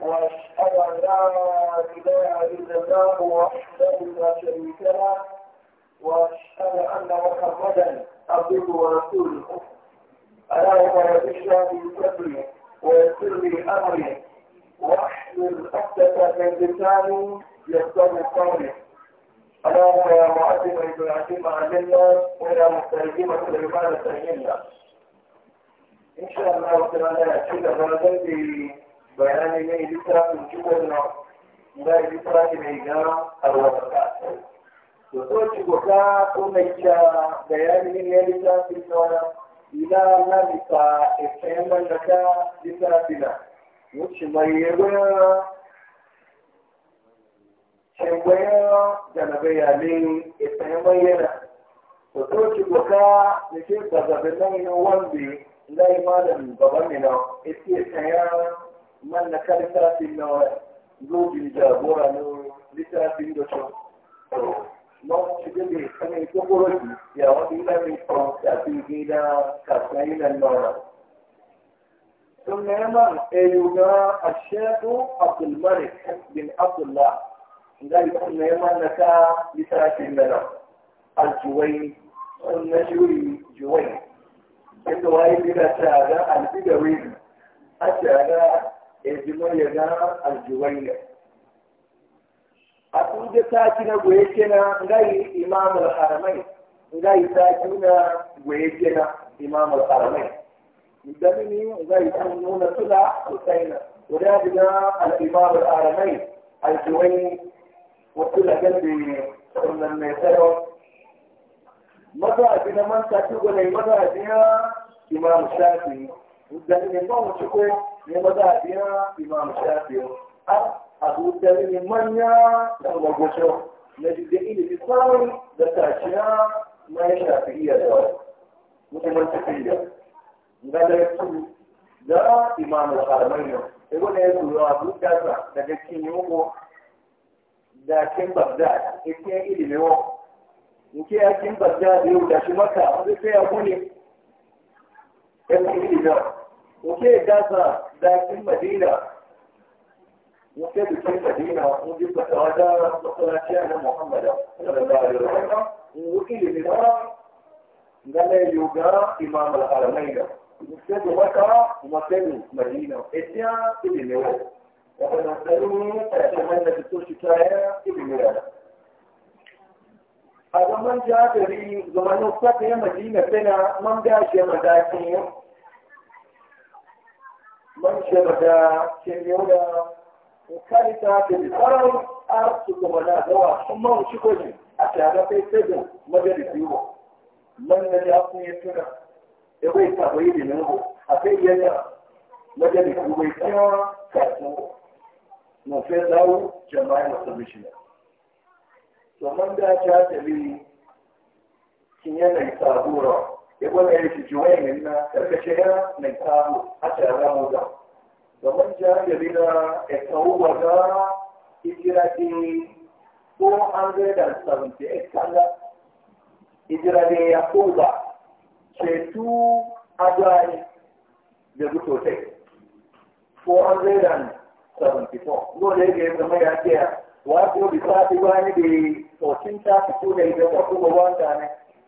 واشهد ان لا اله الا الله وحده لا شريك له واشهد ان محمدا عبده ورسوله الا وقد اشهد صدري ويسر لي امري واحلل عقدة من لساني يفقه قولي اللهم يا معلم ابراهيم علمنا ويا مستجيب سليمان سهلنا ان شاء الله تعالى كده بلدتي bayani ne littafin na da littafi mai gana a wata to so ci goka ko mai ta bayani ne littafin na na bisa efem da ka littafi na wuce mai bayanin efem bayyana so ci goka da ke gaba da nan wanda lai malam man na ka littafin na zogin jagora na littafin da shi non ci deve come il popolo di che a ogni la risposta si chieda casai del nord ثم أيضا الشيخ عبد الملك بن عبد الله ذلك ثم نكا لثلاث لنا الجوين ثم جوي جوين إنه هاي بلا شهادة البدوي الشهادة ezimayana aljuwaila atuje takina gwekena ngai imam alharamai ngai takina gwekena imamu alharamai ndamini ngai tununa tula usaina wadadina alimamu alharamai aljuwaini wakula gandi sunan mai tsaro mazaji na man tafi gwanai mazaji na imamu shafi ndamini ba mu ciko ne mazaɓiya imam shafiyo har a zuciyar ne manya da magwacin na jirgin ilimi kawai da tashiya mai shafiya da wasu musamman tafiya ga da yasu da imam al-harmaniyo ibu ne ya turo a zuciyarsa daga cikin yungo da kin bagdad ita wa nke ya kin bagdad yau da shi maka wanda sai ya gune ya wa nke gasa لكن المدينة وكيف في مدينة وجب هذا مصلاتنا محمد صلى الله عليه وسلم وكيل منها قال يوجا إمام الحرمين وكيف مكة ومكان مدينة إتيا إبن نوال وكنسلوني أتمنى بسوش كاية إبن المدينة a zaman jagari zamanin sata ya madina tana man gashi ya madakin man pada kenyoda kali ke farau ar su ko mana dawa kuma shi ko shi a ta ga sai sai da magadi biyo man da ya ku ya tura e bai ta bai din ko a sai ya ya bai ta ka ku na sai dawo jama'a na submission to man da ta ta bi kin yana isa gura ya kuma yin shi juwa yin nan karka ce ya mai tsaro a cikin ramu da ga wajen ya bi da ekawo gwaza ijira ke 478 kala ijira ne ya koba ce tu adari da buto sai 474 lo da ya gaya zama ya ce ya wato bisa ti wani da 14 ta fito da ido ba kuma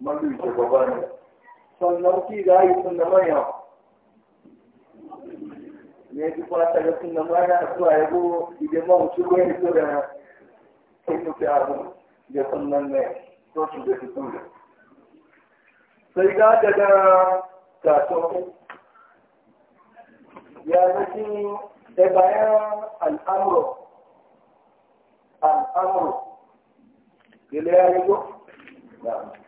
mafi shugaba ne sannan ki ga yi sun da manya ne ki fata ga sun da manya su a yabo idan ma wuce ko yi da na kai nufi abu da sannan ne to su da fito da sai ga daga gaso. ya nufin da bayan al'amuru al'amuru Gila ya yi ko? Na'am.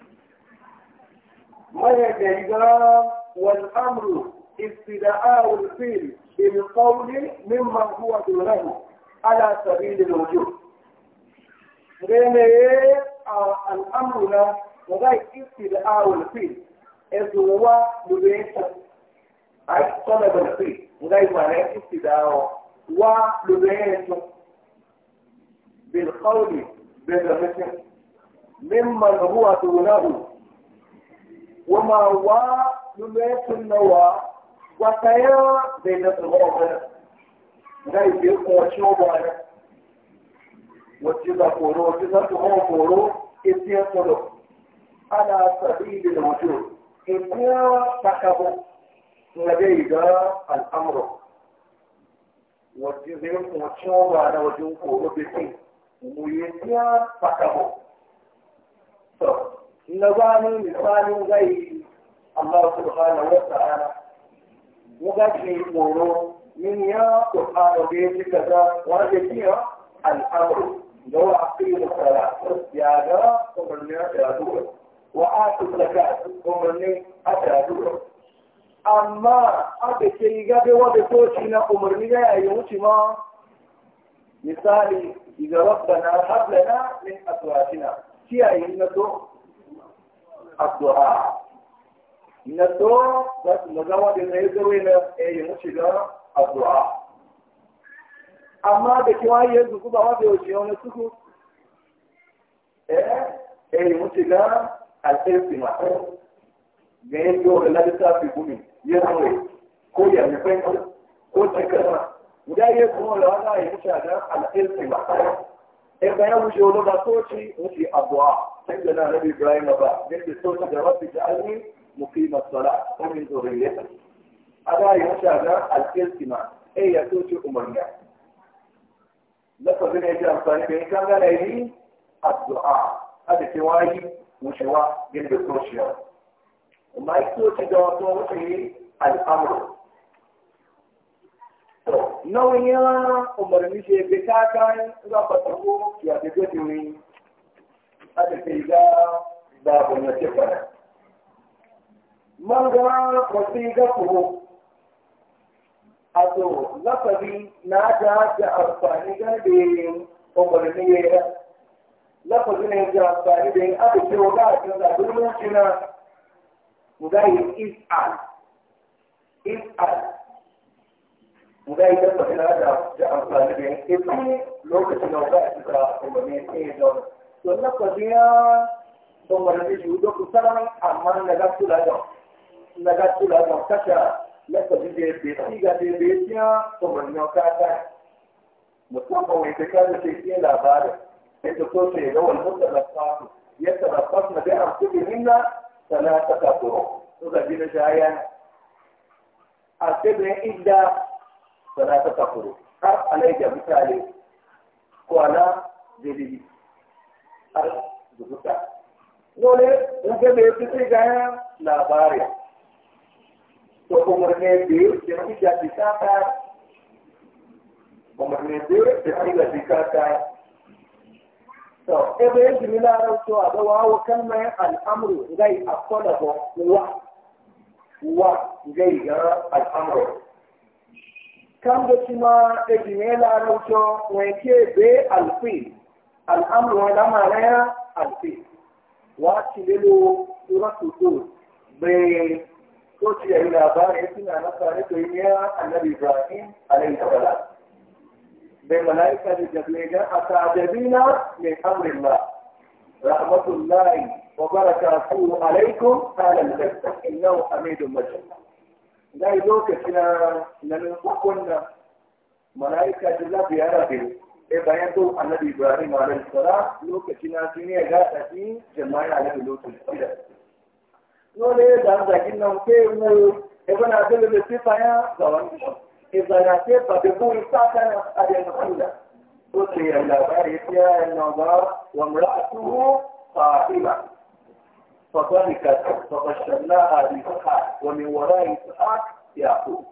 ما جيدا والأمر استدعاء الفيل بالقول ممن هو دونه على سبيل الوجود. بين آه، الأمر لا وغاية استدعاء الفيل إذ هو لبيت أي طلب الفيل وغاية معنى استدعاء ولبيت بالقول بالرسم ممن هو دونه wama wa lumetun na wa wata yawa bai na tsoro ɓana na ibe kowace ọgbọ ana wacce za koro wacce za su kuma koro ita ya tsoro ana tsari da na wato in kuma takabo na dai ga al'amuran wacce zai kowace ọgbọ ana wajen koro bisin mu yi ta labanu misalin gai Allah subhanahu wa ta'ala mu ga ki moro min ya ko ha da ke wanda ke ya al'amru da wa aqim salat ya ga ko ban ya wa atu zakat ko ban amma a da ke ga wanda ko shi na umarni ga ya yi wuce ma misali إذا ربنا هب لنا من أزواجنا في أي نظر addu'a na to da magawa da ne zuwa ne eh ya mushi da addu'a amma da kiwa ba wa yau ne suku eh eh ya mushi da al'aiki ma ko ne yau da lalata ya zuwa ko ya ne ko ta kama guda ya wani ya mushi da al'aiki ma ko in bayan wuce wani ba so ce wuce sai da na rabi ibrahim ba yadda da sauci da rabi da almin mufi masala ko min zurin ya ta a ba ya wuce ga alƙirƙima ɗaya ya so ce umarniya na fa zina ya ji amfani da yankan gana yi abuwa a da ke wayi wucewa yadda da ya so ce da wata wuce nauyin umarni ce bai ta zafata ko ya ta gaji ne a ta kai ga da gwamnati fara. Man ga ga kuhu a so lafazi na ta ga amfani ga ya yi lafazi ne ga amfani da yin abin na wata na cikin zaɓen lokacin na guda nga yi dabba ina da da amfani da yanke su lokacin da za a cika umarni ta yi don to na kwaziya umarni da kusan amma na ga su na ga su ladon na kwazi da ya besi ga da ya to ya umarni ya kata musamman wai ta kaza ce ke labarin yadda ko ce ga wani mutarrafatu ya tarrafatu na bai amfani da minna sana ta kafuro. Suka gina jaya. A sai inda sana ta takuru har alaiya mutane ko ana jiri har zubuta dole wuce mai fito gaya labari to kumar ne biyu da mafi jati kata kumar ne biyu da mafi jati kata to ebe yake ni na rantsu a gawa wa kalmar al'amuru zai akwada ba wa wa zai gara al'amuru kango cima e jimela rocho weke be alfi al'amru wala manaya alfi wa cilelo sura tutu be ko ci da labari suna na tare da yiya annabi ibrahim alaihi salam be malaika da jablega atajabina min amrillah rahmatullahi wa baraka barakatuhu alaikum ala al-bayt innahu hamidun majalla. na yi lokaci na nan hukun na mala'ika ta za ya yara biyu ɗaya bayan to annabi ibrahim alaihi sara lokaci na sun yi ga tafi jama'i annabi lokaci shida dole da zagin nan ke mu e bana dole da sifa ya ga wani shi. E bana ce ba da ku sa kana a da kula to sai ya labari ya na ba wa mar'atuhu fatima فضحكت فبشرناها بإسحاق ومن وراء إسحاق يعقوب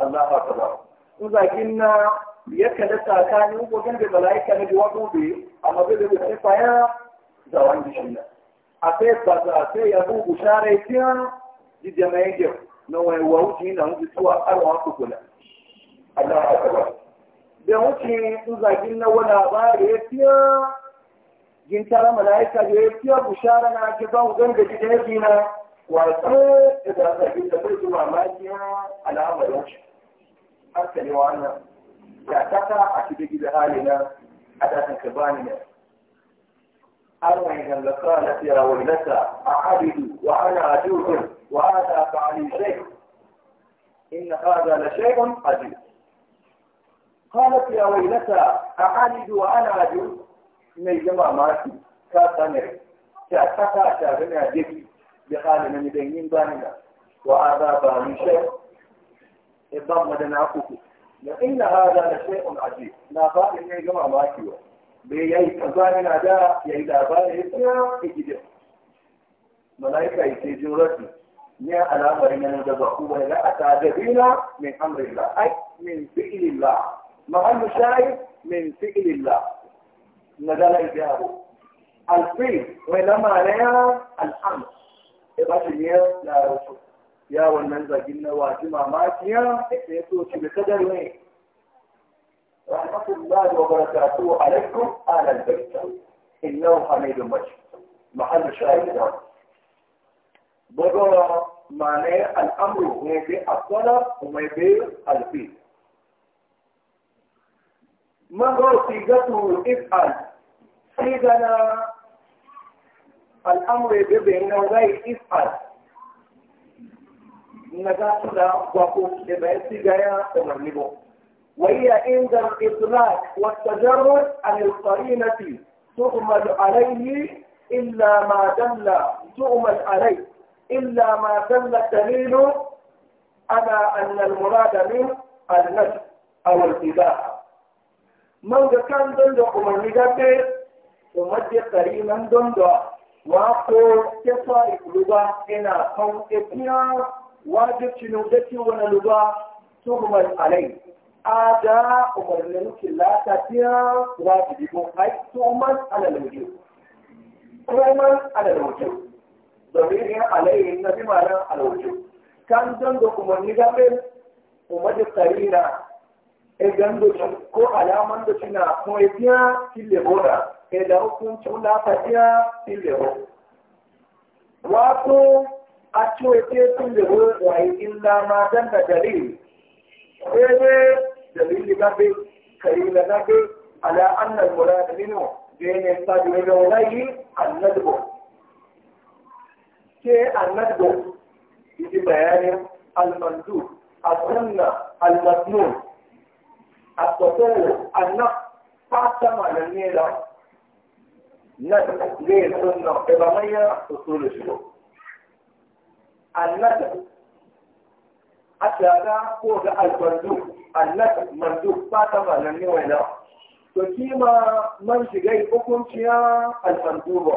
الله أكبر ولكن يكاد كان وجن بملائكة نجوا به أما بالصفة يا زوان بشنا أتيت بزا أتيت يبو بشارة كان جد ما يجوا نوع ووجه نوع سوى أروع كله الله أكبر da wuce in zagin na wani labari ya fiya جن ترى ملائكة يأتي بشارة ناجبة وذن بجدها دينا وأصبح إذا سبيت بيت معماتها على أول وجه أرسل وعنا يعتقى أكيد إذا هالنا أداة كباننا أرمينا لقالة يا ويلتا أعبد وأنا أجوز وهذا فعلي شيء إن هذا لشيء قدير قالت يا ويلتا أعبد وأنا أجوز mai jama masu ka sanar ta kaka ta rina jiki da halin na midan yin banina wa aza ba ni shai ibban madana uku da na hada da shay'un ajib na faɗin mai jama masu wa bai yayi kaza yana da yayi labari ya tsaya ya gidi malaika yake jin rafi ne alamar nan da ba ku bai tare da bina min amrillah ai min fi'lillah mahallu shayi? min fi'lillah نزل إجابه الفيل وإنما عليها الأمر إبقى لا رسول يا والمنزل جنة واجمع ماتيا يسوش بقدر وين رحمة الله وبركاته عليكم أهل البيت إنه حميد مجد محل شاهد بقى معناه الأمر هو يبي الطلب وما يبي الفيل ما هو صيغته افعل صيغنا الامر بين غير افعل نجاح لا وقوم لبيت جاية ومغلبه وهي عند الإطلاق والتجرد عن القرينة تؤمل عليه إلا ما دل تؤمل عليه إلا ما دل الدليل على أن المراد منه النجم أو الإباحة man ga kan don da umarni gabe to majiya kari nan don da wa ko ke fari kuluba ina kan ekiya wajibci ne da ke wani luba su kuma alai a da umarnin kilata biya wajibi ko ai tuhumar alalauji ala alalauji domin yin alai na bi ma'anar alalauji kan don da umarni gabe umarni kari na idan da ko alaman da suna kuma biya kille bora kai da hukuncin lafa biya kille bora wato a cewa ke da bora wayi illa ma dan da dalil sai dai dalili gabe kai da gabe ala anna al-murad minhu bayna sabi da wayi annadbu ke annadbu yi bayanin al-mandub al-sunna al-masnun atotɛlɛ ana pasama le nyuie la ne ne yi to nɔ eba me nye soso le dzo ana ati ana ko ɖe alikɔndo ana mando pasama le nyuie ma manti ɖe yi koko ŋutia alikɔndo bɔ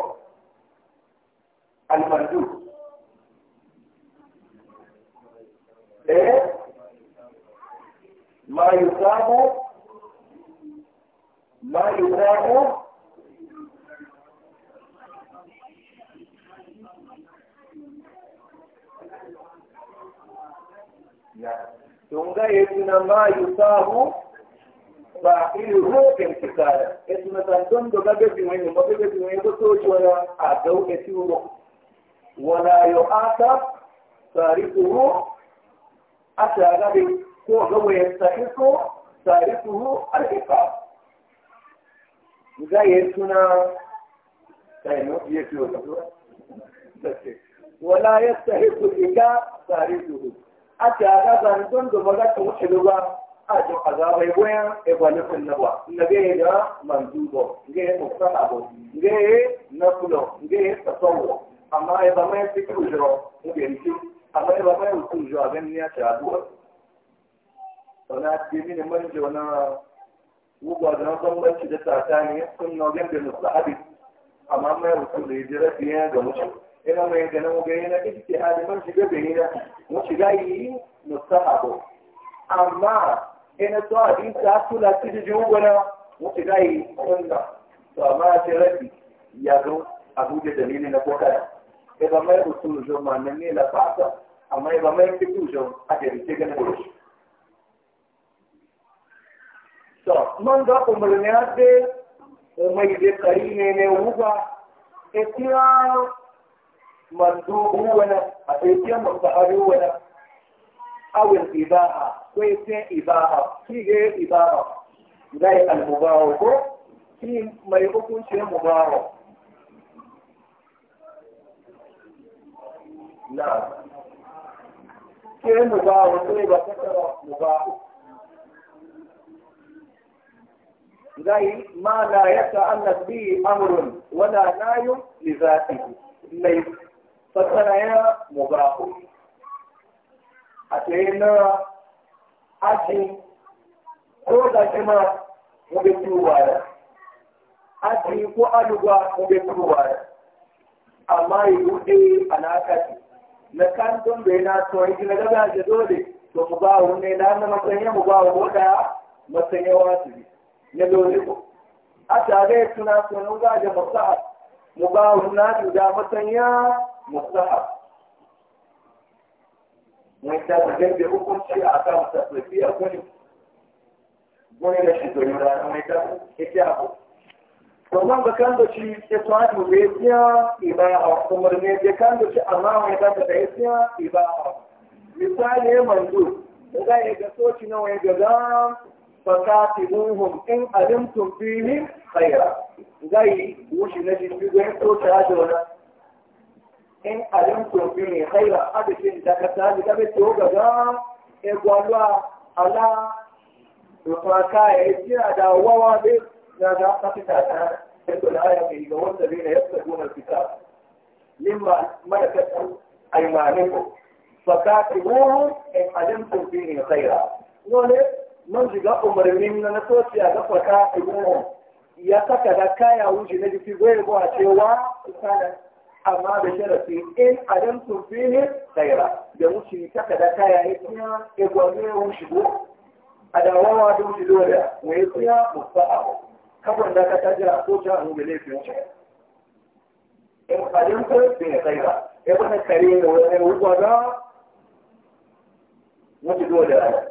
ما يقام ما يقام تونغا يتنا ما يصاب فاعل هو انتقال اسم تندم دو بابي في مين بابي في مين وهو يستحق تاركه العقاب إذا يسنا ولا يستحق العقاب تاركه أتى هذا نظن دمغة وحلوة أجو قدار يبويا إبوالي في النبوة نجيه منذوبه نجيه مقتنعه نجيه نقله نجيه تصوره أما إذا ما يستحق الجرى نجيه أما إذا ما يستحق الجرى نجيه تشاهدوه Wani ti mini manje wana wuba da na bambanci da tsakani sun na gan da musahabi amma mai rusul da hijira biya ga mutum ina mai yana hali man shiga da yana yi amma ina to ta kula ji yi sunna to amma rabi ya zo na kokara ina mai da na fata amma ina mai da na to man ga umarniya ce mai da kari ne ne wuga e kira mandubu wani a tsaye mustahari wani awin ibaha ko ya ce ibaha shi ga ibaha zai almubawa ko shi mai hukuncin mubawa na ke mubawa ne ba kasara mubawa gai ma la ya ta'allaq bi amrun wala nahyun li zatihi mai fasara ya mubahu a tsaye na aji ko da kima mube tuwa da aji ko aluwa mube tuwa da amma yi hudu alakati na kan don bai na tsohon gina gaza da dole to mu ba wani na na matsayin da, ba wani wata na loriku a tare suna sunan gaje musa'ab mu ba na da masanya musa'ab mai ta zagar da hukunci a kan a gwani gwani da shi zuri da mai ta ita abu domin ga kan da shi ya iba dube siya iba'a umarni kan da shi amma mai ta tafiya iba iba'a misali manzo da za a yi ga soci na فكاتبوهم إن علمتم فيهم خيرا زي وش نجد بيهم تو تاجونا إن علمتم فيه خيرا إن أبسن دكتان دبت وقضاء إقوالوا على وفاكا يجي على ووابر لا دا قفتاتها تلك الآية في جوان آية الذين يبتغون الكتاب مما ملكت أيمانكم فكاتبوهم إن علمتم فيه خيرا ولكن man shiga umarnin na nasoci a gafaka a goma ya saka da kaya wuce na jiki zai a cewa sana amma da sharafi in adam sun fi ne tsaira da wuce saka da kaya ya tiya ya gwamne ya wuce go a dawawa da wuce dole mu ya tiya mu sa'a kafin da ka tajira a soja a nuna laifin shi in adam sun fi ne tsaira ya kuma kare ne wani wuce na wuce dole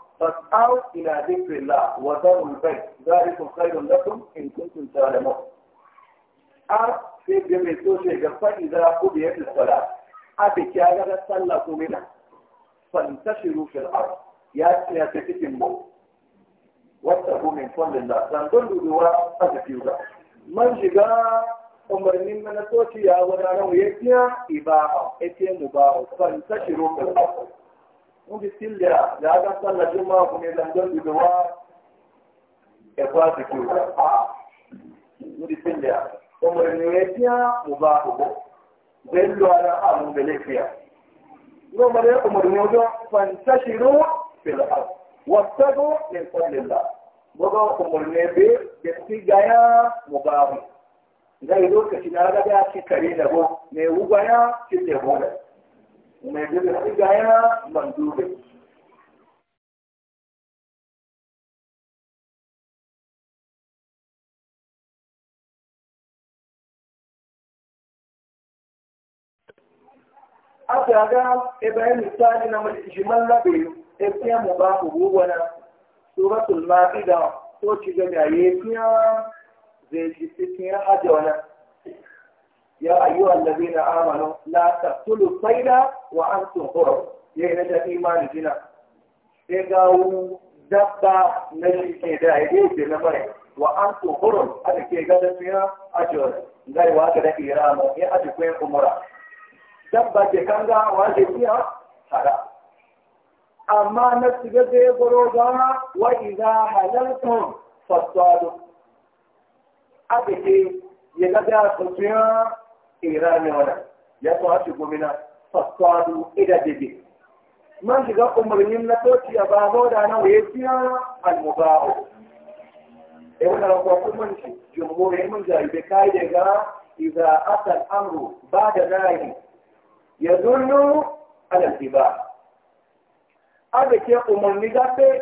فاسعوا إلى ذكر الله وذروا البيت ذلك خير لكم إن كنتم تعلمون أر في جميع سوشي جفا إذا قضيت الصلاة أبي كاغا صلوا منها فانتشروا في الأرض يا يا تتكلموا واتقوا من فضل الله فانظروا دواء أتكيوغا من جدا umarnin من من سوشي wadanar yake ya ibaha ake mubahu fantashiru fil ardh wọ́n fi sílẹ̀ àgbà sálà tó máa fún ẹgbẹ́ ìjọ ìlú wa ẹ̀kọ́ àsìkò ìjọba wọ́n fi sílẹ̀ ọmọ ènìyàn tí a mú bá àkókò bẹ́ẹ̀ lọ ara àwọn ìbẹ̀lẹ̀ fìyà. ní ọmọdé ọmọdé ní ọjọ́ fàǹtàṣìrò fìlà wọ́sẹ́gọ́ ní ìfọ̀lẹ̀lá gbọ́dọ̀ ọmọdé ní ẹgbẹ́ gẹ̀ẹ́sì gáyà mú bá àmì. ìgbà yìí ló kẹ̀sì náà gágá ti kàrí ìdàgbọ́ ne ewu mai jirgin siga yana mandube aka ga ibrahim misali na majiman labe efiya mu ba ku gugwana suratul ma'ida ko ci ga yaye fiya zai يا أيها الذين آمنوا لا تقتلوا الصيد وأنتم حرم يهنا إيمان جنا إيقاو دبا نجي كيدا إيديك لمري وأنتم حرم أنا كيدا دميا أجر غير واحد إيران يا أجوين أمرا دبا جكانغا واجبيا حرام أما نسجد بروغا وإذا حللتم فالصادق أبكي يلدى خطيان irani wana ya to hashi gomina fasadu ida dede man shiga umarnin na toci a bazo da na waye fiya almubahu e wannan ko kuma shi jumhur ya mun jaribe kai daga idza ata al-amru ba'da nahi yadullu ala al-ibah abe ke umarni da pe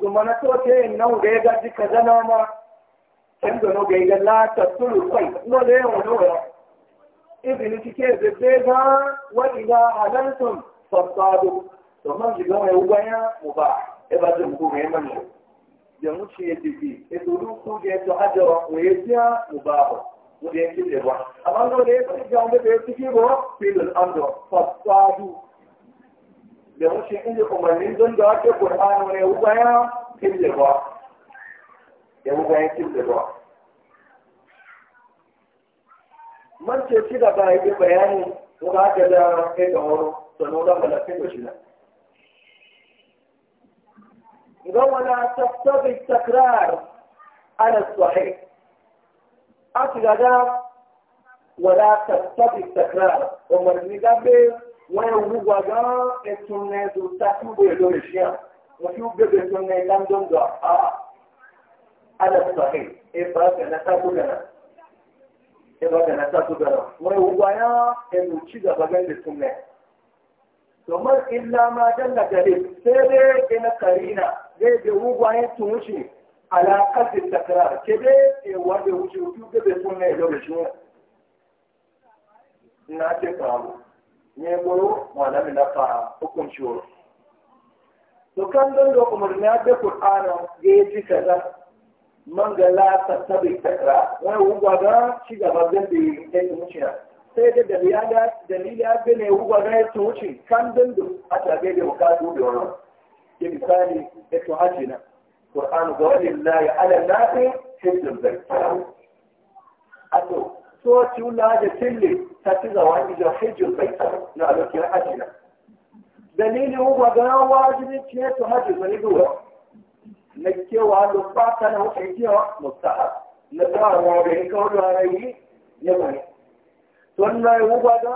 zumana toce nan ga ga dika zanama kan da no ga ga la ta tulu kai no da yawa izini cike da sai ga wani ga halartun fasado domin shiga mai wuganya mu ba e ba zai muku mai mani da muci ya tafi e turu da ya to ajawa ya mu ba ba mu da ya ci ba amma no da ya fi ga wanda da ya cike ba filin ando fasado da muci inda umarnin don da ake kin ba ya wuganya kin ba من ce shi da ba yi bayani ko ba ka da kai da horo sannan da malakai da ولا تقتضي التكرار على الصحيح أتجد ولا تقتضي التكرار ومن نجاب ويوجد وجاء السنة تكتب بالدولشيا وشوف بالسنة لم تنجح على الصحيح إيه بس أنا تقول ẹgbẹ́ ọ̀gá náà su bẹ̀rẹ̀ wọ́n yóò ya ẹnu tí gàba da tún lẹ̀. domin illa ma na gare sai dai ke na karina zai da wugwaye tun wuce alaƙar da takarar ke dai ke wanda wuce wuce gabe tun ya lọ́wọ́ shi na ce faru ne goro malami na fara hukunci wuri. to kan don da umarni ya ga Kur'ana ga ya ji kaza man ga la ta tabi takra wani wugwa ga shi gaba bazan da ya wuce sai da daliya da daliya ga ne wugwa ga ya wuce kan da a tabe da bukatu da wannan ke misali da to haji na qur'an ga wallahi ala nafi hizbul zakka ato so ci wala da tilli ta ci zawani da hizbul zakka na alƙur'ani na dalilin wugwa ga wajibi ce to haji ne duwa na cewa lubba ta na hukai cewa mustahab na tsawa da ya kawo da rayu ya bane don na yi wuba da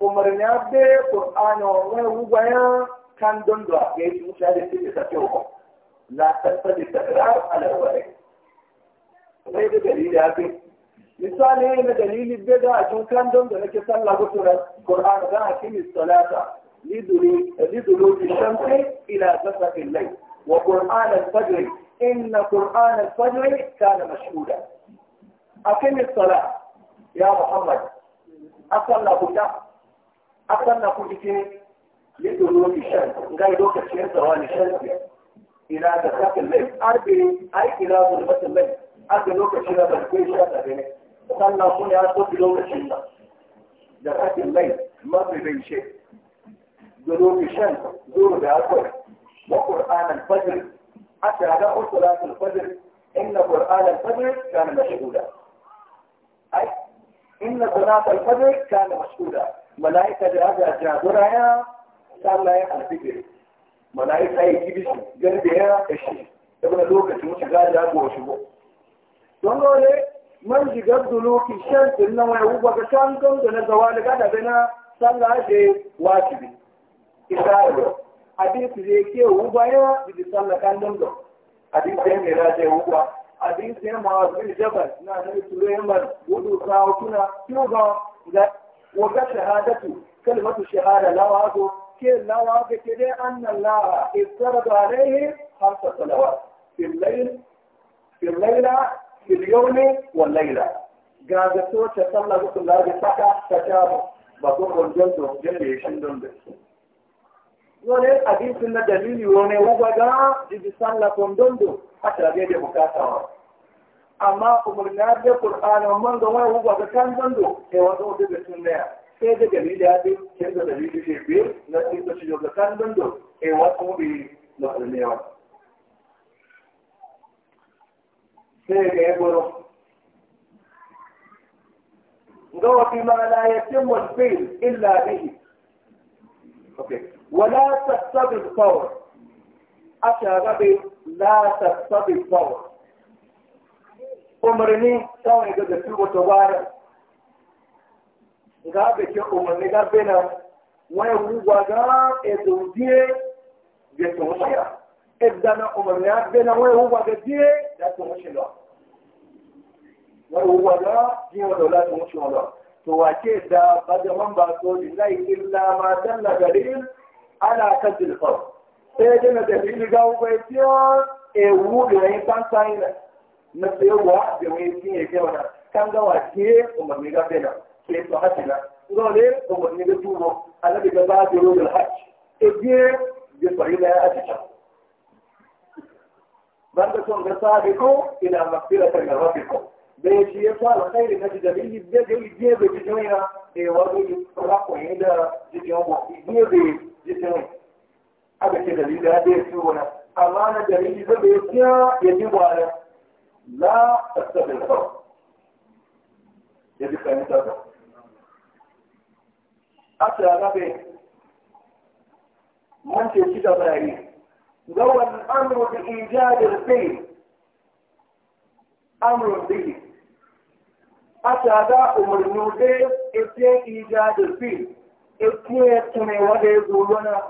umarni abe ƙur'ani wa wani wuba ya kan don da ya yi musa da cikin ta cewa la tattabi takrar alawari sai da dalili ya fi misali na dalili bai da a cikin kan don da nake sallah guturar ƙur'ani za a kimi salata lidulu bi shamsi ila zasakin lai وقرآن الفجر إن قرآن الفجر كان مشهودا أقم الصلاة يا محمد أصلنا كنا أصلنا بك لدلوك الشمس غير دوك الشمس وان الشمس إلى دخلت الليل أربي أي إلى ظلمة الليل أربي دوك الشمس بالكل شمس أبني أصلنا كنا أصلنا دوك الشمس دخلت الليل ما في بين شيء دلوك الشمس زور بأكبر وقرآن الفجر حتى أداء صلاة الفجر إن قرآن الفجر كان مشهودا أي إن صلاة الفجر كان مشهودا ملائكة جاءت جابرها كان لا يعرف ملائكة يجيبش جنبها الشيء يقول لوك شموش شغال أبو وشبو تقول من جاب دلوك شمس إنما يوبا كشانكم دون الزوال قد بنا صلاة واجبي إشارة hadisi zai ke wuba ya bi sallakan dundun hadisi ya mera zai wuba hadisi ya ma zai jabal na na sulaiman wudu sawo tuna tuba da waga shahadatu kalmatu shahada lawa zo ke lawa ga ke dai anna allah istarada alaihi hamsa salawat fil layl fil layla fil yawmi wal layla ga ga to ta sallar da saka ta ta ba ko gonjon to jelle shin dundun wani hadisin na dalili wani wagwaga jibi sallah dondo, a tare da bukata wa amma umarna da qur'anin man ga wani wagwaga kan dondo, sai wata wata da sunna sai da dalili ya bi sai da dalili ke bi na sai da shi ga kan dondo, sai wata wani sun sunna sai ga yaro ga wa fi ma la yatimmu illa bihi ولا تقتضي الفور أشاربي لا تقتضي الفور umarni kawai ga gafi wata wara ga ga ke umarni ga bena waya wugwa ga edo die ga tumushya edana umarni ga bena waya wugwa ga die da tumushya waya wugwa ga die wala la to wace da ba da man ba illa ma Ana kan dilkar sai dai na tafi ni ga ubai tiyo e wu da yin san na na sai wa da mai tin ya ke wana kan ga wa ke umar ni ga bena ke to hakina dole umar da e ta bai shi ya sa alkhairi na jidalili bai da yi ya yi da jikin wa gebe jikin aka ce dalili ya bai su wani amma na dalili zai ya ji ya a tsara bai man haka ga umarni da ita ijadin fi ita ya tunewa da ya zuwa na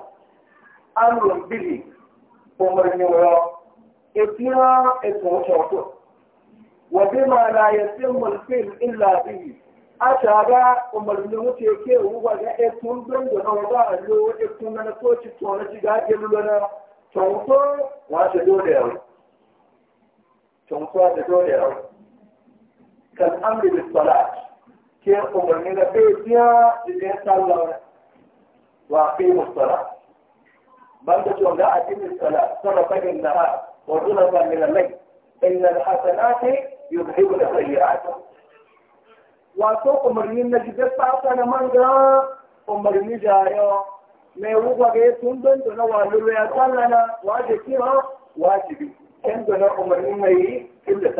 amurin bili umarni wa ita ya ita wata ma na ya fi mulkin illa biyu aka ga umarni wuce ke wuwa ga etun don da na wata a lo etun na soci to na ke lula na tonto dole yau tonto ta dole yau كان كالامر بالصلاه كان امر من يا اللي صلى واقيموا الصلاه بل تقول لا اتم الصلاه صرف النهار وظلفا من الليل ان الحسنات يذهبن السيئات واتو امرين نجد الطاقه من جاء امرين جايو me wuga ga sun don don wa lura ya sallana wa ke kira wajibi kan don umarni mai inda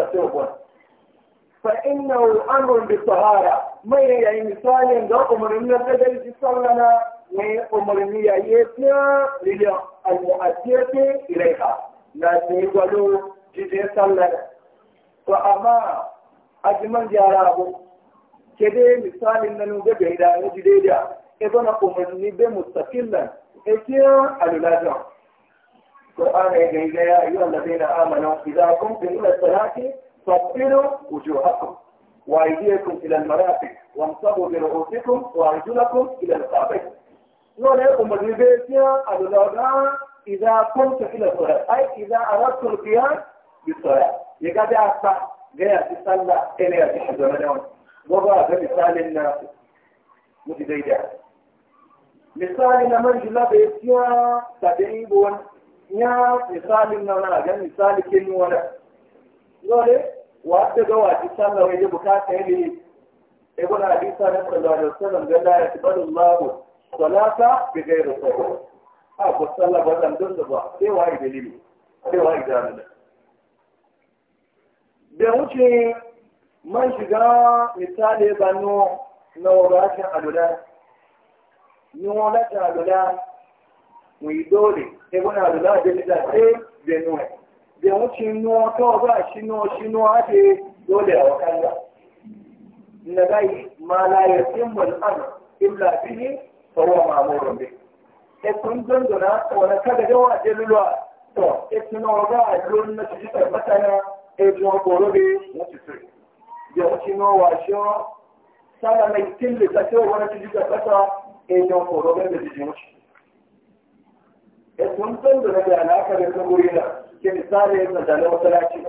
فإنه أمر بالطهارة ما يعني مثال ده أمر من البدل يصلنا وأمر من يأتينا للمؤثرة إليها لا تقولوا جزي صلنا فأما أجمل جارابه كده مثال من نوجد إلى نجديدا إذن أمر من بمستقلا إتيا الولاجة القرآن يقول يا أيها الذين آمنوا إذا قمتم إلى الصلاة صفروا وجوهكم وأيديكم إلى المرافق وانصبوا برؤوسكم وأرجلكم إلى الكعبين نقول لكم الربيتيا الأولى إذا كنت إلى الصلاة أي إذا أردت القيام بالصلاة يقعد أعطى جاء تصلى إلى الحج مليون وضع مثال الناس متزايدة مثال من جلا بيتيا تدريب يا مثال أنا مثال كنونا نقول wata ga wa ji sallah wai ji bukata ne ibn abi sallallahu alaihi wasallam ga la yaqbalu Allah salata bi ghairi sahih ha ko sallah ba dan ba sai wai dalili sai wai dalili da wuce man shiga misali banu na wurashin adula ni wala ta adula mu yi dole ibn adula da ni da da nuwa da wucin nuwa kawai ba shi nuwa shi nuwa ce dole a wakanda na gai ma ya simbal an illa bihi fa huwa ma'murun bi e kun dondona wani kada ga wa jelulwa to e kun wa ga lon na ji tabbata na e jo boro bi mutu sai da wucin nuwa wa shi sala mai tilli ta ce wani ji tabbata e jo boro bi da ji mutu e kun dondona da alaka da kaburi na ke misali yin da masalaci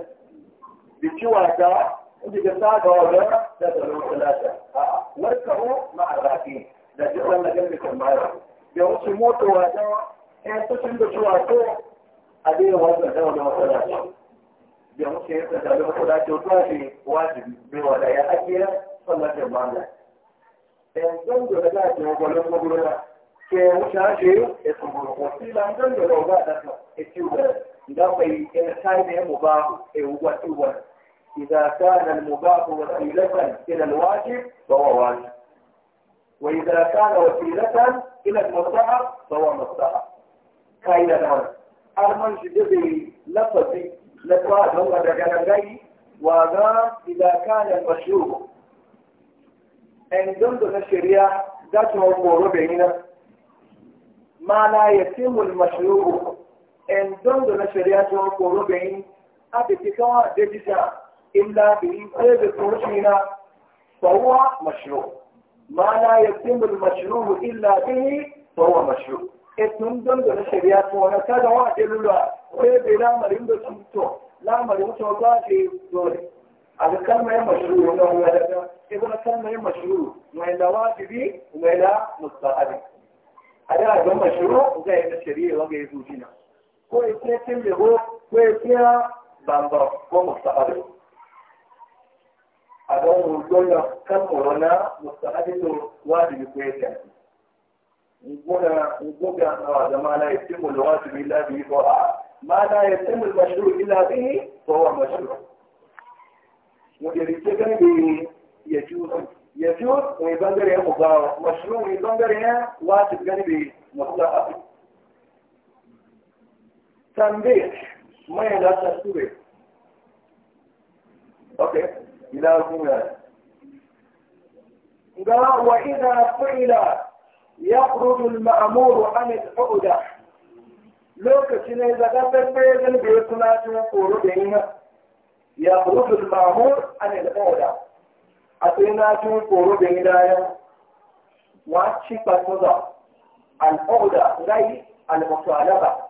da ciwa ta inda ka saba wa gara da zanen masalaci a warkaru ma'arafi da jiran na gani kan mara da wasu motowa ta yan tushen da ciwa to a zai wanda da wani masalaci da wasu yin da zanen masalaci to shi wajibi bai da ya ake sallar da mala yanzu da za a ce wa gwalon ke wuce hashe ya tsoro ko filan don da ba da ta ke ciwo نقي مباح إيه إيه إذا كان المباح وسيلة إلى الواجب فهو واجب وإذا كان وسيلة إلى المستحب فهو مستحب كاين الأمر أرمن جدي لفظي لفظ هو دجاجي وغا إذا كان المشروع إن جند الشريعة ذات هو بيننا ما لا يتم المشروع ẹ̀ńdọ́ndọ̀ na ṣẹlẹ̀ àti ọkọ̀ olóbìnrin àbẹ̀tẹ̀ kan wà dé jíjà ilá bìí ẹ̀rẹ̀ tó ń ṣe iná fọwọ́ mọ̀ṣúrù máa náà yẹ tí mo mọ̀ṣúrù ilá bìí fọwọ́ mọ̀ṣúrù ẹ̀tún dọ́ndọ̀ na ṣẹlẹ̀ àti ọ̀nà kájà wà dé lulọ̀ ẹ̀rẹ̀ lámàrí ń bẹ tuntun lámàrí ń sọ bá ṣe lọ́rẹ̀ àti kálmà yẹn mọ̀ṣúrù náà wọ́n yẹ ibùdó kálmà yẹn mọ̀ṣúrù wẹ̀lá wá bìbí wẹ̀lá mùsàlẹ̀ àdé àjọ mọ̀ṣúrù ọ̀gá yẹn ṣẹlẹ̀ ọ̀gá yẹn ko ya ke cin lego ko ya ke bamba ko mustaqabal a don wulgon na kan هذا ما لا يتم الواجب الا به فهو ما لا يتم المشروع الا به فهو مشروع ويرتكن به يجوز يجوز ويبندر مشروع يبندر واجب جانبي مستقبل tambe mai da ta ture okay ila kuma ga wa idha fa'ila yakhruju al-ma'mur an al-uqda lokacin da zaka tabbata da bai kula cin koro da yi yin yakhruju al-ma'mur an a tsaye na cin koro da yi daya wa ci fa al'uda uqda gai al-musalaba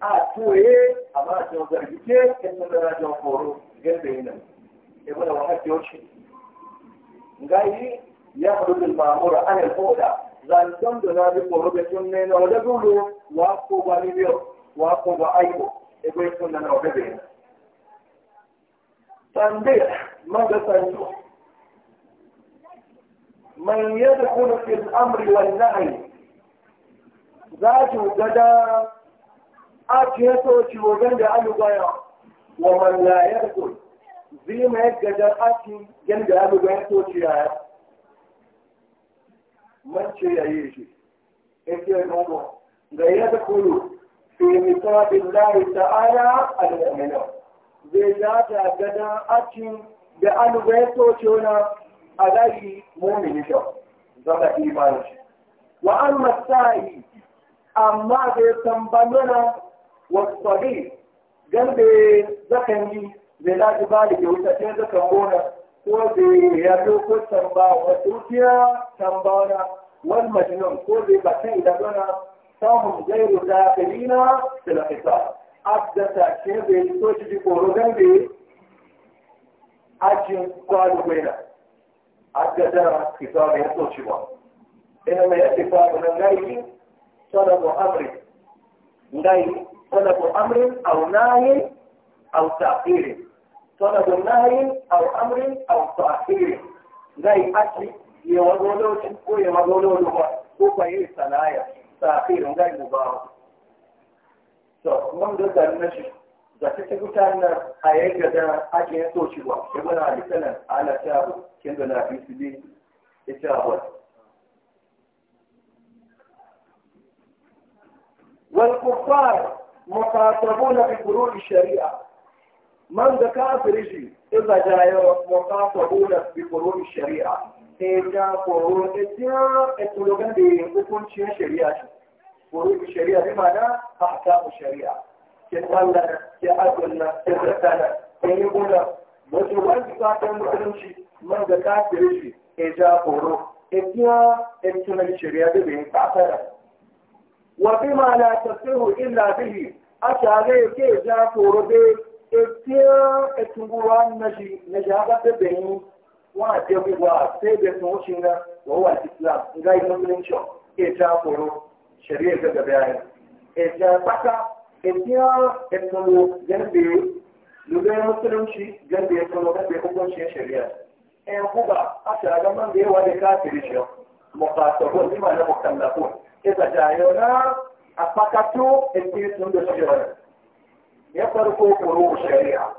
a toye a ba ta zargice in na zara jan horo yadda yi nan ibn wahab yoshi ngai ya hudu bil ma'mura an al hoda, zan don da na bi horo da tun ne na wada dulu wa ko ba ni biyo wa ko ba aiko ibn kun na wada bi tande ma ga tando man yadkhulu fil amri wan nahy za gada ake soci wajen da alubaya wa mallayar ku zima ya gajar ake yan da alubaya soci ya yi ya yi shi ake yi mabu ga yi da kuru fi nisa billahi ta'ala al-amina zai zata gada ake da alubaya soci wani a zai mumini shi zama imanci wa an masa yi amma da ya san banuna wasuwaɗi gande zakan yi da na ji ba da ta tafiya zakan gona ko da ya zo ko tamba wa tutiya tamba na wani majinan ko da ba kai yi gana samun jairu da kalina da na fita abdata ke da yi so shi koro gande ajin kwalu gwena abdata fita da ya so ba ina mai ya fita da nan gari sanar muhammadi gari طلب أمر أو نهي أو تأخير طلب نهي أو أمر أو تأخير زي أكل يوضولو تنكو يوضولو لغا كوكا يسنايا تأخير زي مبارك to mun da da nashi da ta ta guta a yadda da ake yin socewa ya mana alisanan ala ta abu kin da na fi su bi ita abu wal kufar مخاطبون بفروع الشريعة من ذا كافر يجي إذا جاء مخاطبون بفروع الشريعة إذا فروع إذا إتلوغن بكل شيء شريعة فروع الشريعة بمعنى أحكام الشريعة كتلنا كأدلنا كتلنا كيبنا مجرد بكاتا مسلمشي من ذا كافر يجي إذا فروع إذا إتلوغن شريعة بمعنى أحكام وبما لا تصير إلا به أشعر كي جاء توربي إبتيا إتنبوان نجي نجابة بين وأجب وأسيب يتنوشينا وهو الإسلام غير مسلم شو كي جاء تورو شريعة جبعين إبتيا بكا إبتيا إتنبو جنبي لبين مسلم شي جنبي إتنبو جنبي حكم شي شريعة إن خوبا أشعر من بيه لكاتل شو مقاطبون بما لا مكلفون يتجاهلون أفكتوا الدين منذ الشرع يتركوا فروع الشريعة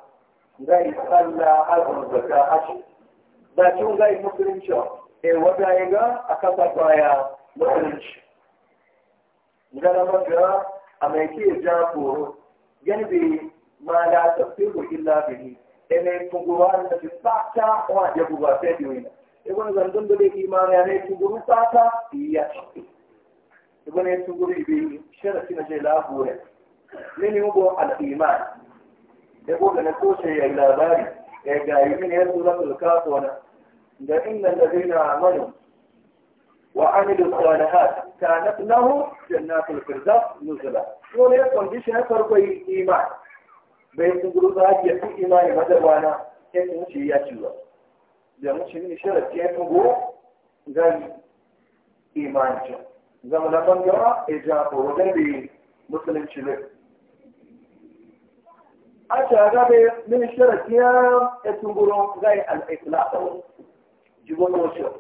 زي صلى أذن زكاة أشهر ذات يوم زي مسلم شو ودايقا أكثر بايا مسلم شو ngana maka a mai ke ja koro yanayi ma la tafsiru illa bihi ene tungura na tsaka wa jabu ba sai diwina e wannan zandun da imani ne tunguru tsaka iya shi ibn yasuguri bi sharati na je lahore ne ne mugo al-iman da ko na ko sai ya labari ya ga ibn yasuratul kafona da inna alladhina amanu wa amilu salihat kanat lahu al firdaus nuzula ko ne condition farko iman bai sun guru za ki fi imani madawana sai sun ci ya ci ba da mun shi ne sharati ya ga gani imanin زمن لقد جرى إجابة ودبي مسلم شبه أشهد أبي من الشرك يا أتنبرون غير الإطلاق جبون وشر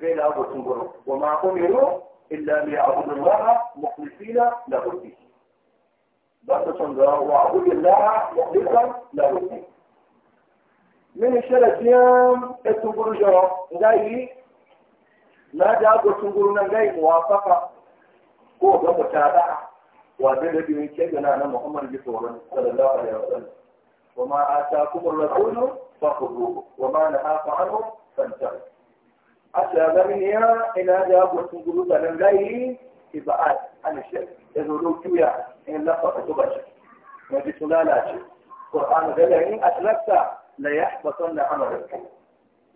غير أبو تنبرون وما أمروا إلا ليعبد الله مخلصين له الدين بس تنظر وعبد الله مخلصا له الدين من الشرك يا أتنبرون جرى غير na da ko tunguru nan gai muwafaka ko ga mutada wa da da bin ke Muhammad bi tsoron sallallahu alaihi wasallam wa ma ataakum ar-rasulu fa khudhu wa ma nahaka anhu fantahu asha da min ya ina da ko tunguru nan gai ibad an shirk ya zo do kiya in la fa to ba shi ne bi sulala ce qur'an da da in asrakta la yahbatanna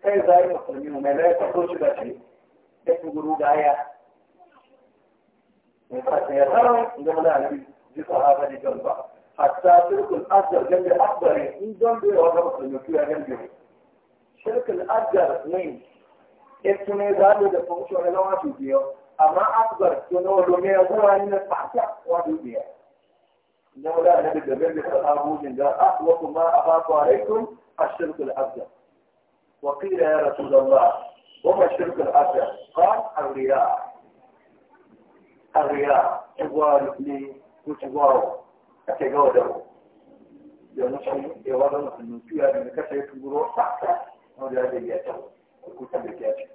zai mu sami mu ne da shi ɗaya guru ga ya ne fata ya zara inda muna yi jisa hata da jan ba hatta turkun ajar gan da akbari da yawa ga masu yanku ya gan biyu turkun ne ya tuna da funshon na wato biyu amma akbar ta na wado mai ne na fata wato biyu inda muna yi da gaban da sa'a hujin da a wakuma a ba ku a rikun a shirkul ajar وقيل يا رسول وما الشرك الأكبر قال الرياء الرياء تقوال لي وتقوال أتقوله يونسهم يوضعون في النسية من كثير يتقولوا حتى ولا يجيته الكتاب بكاته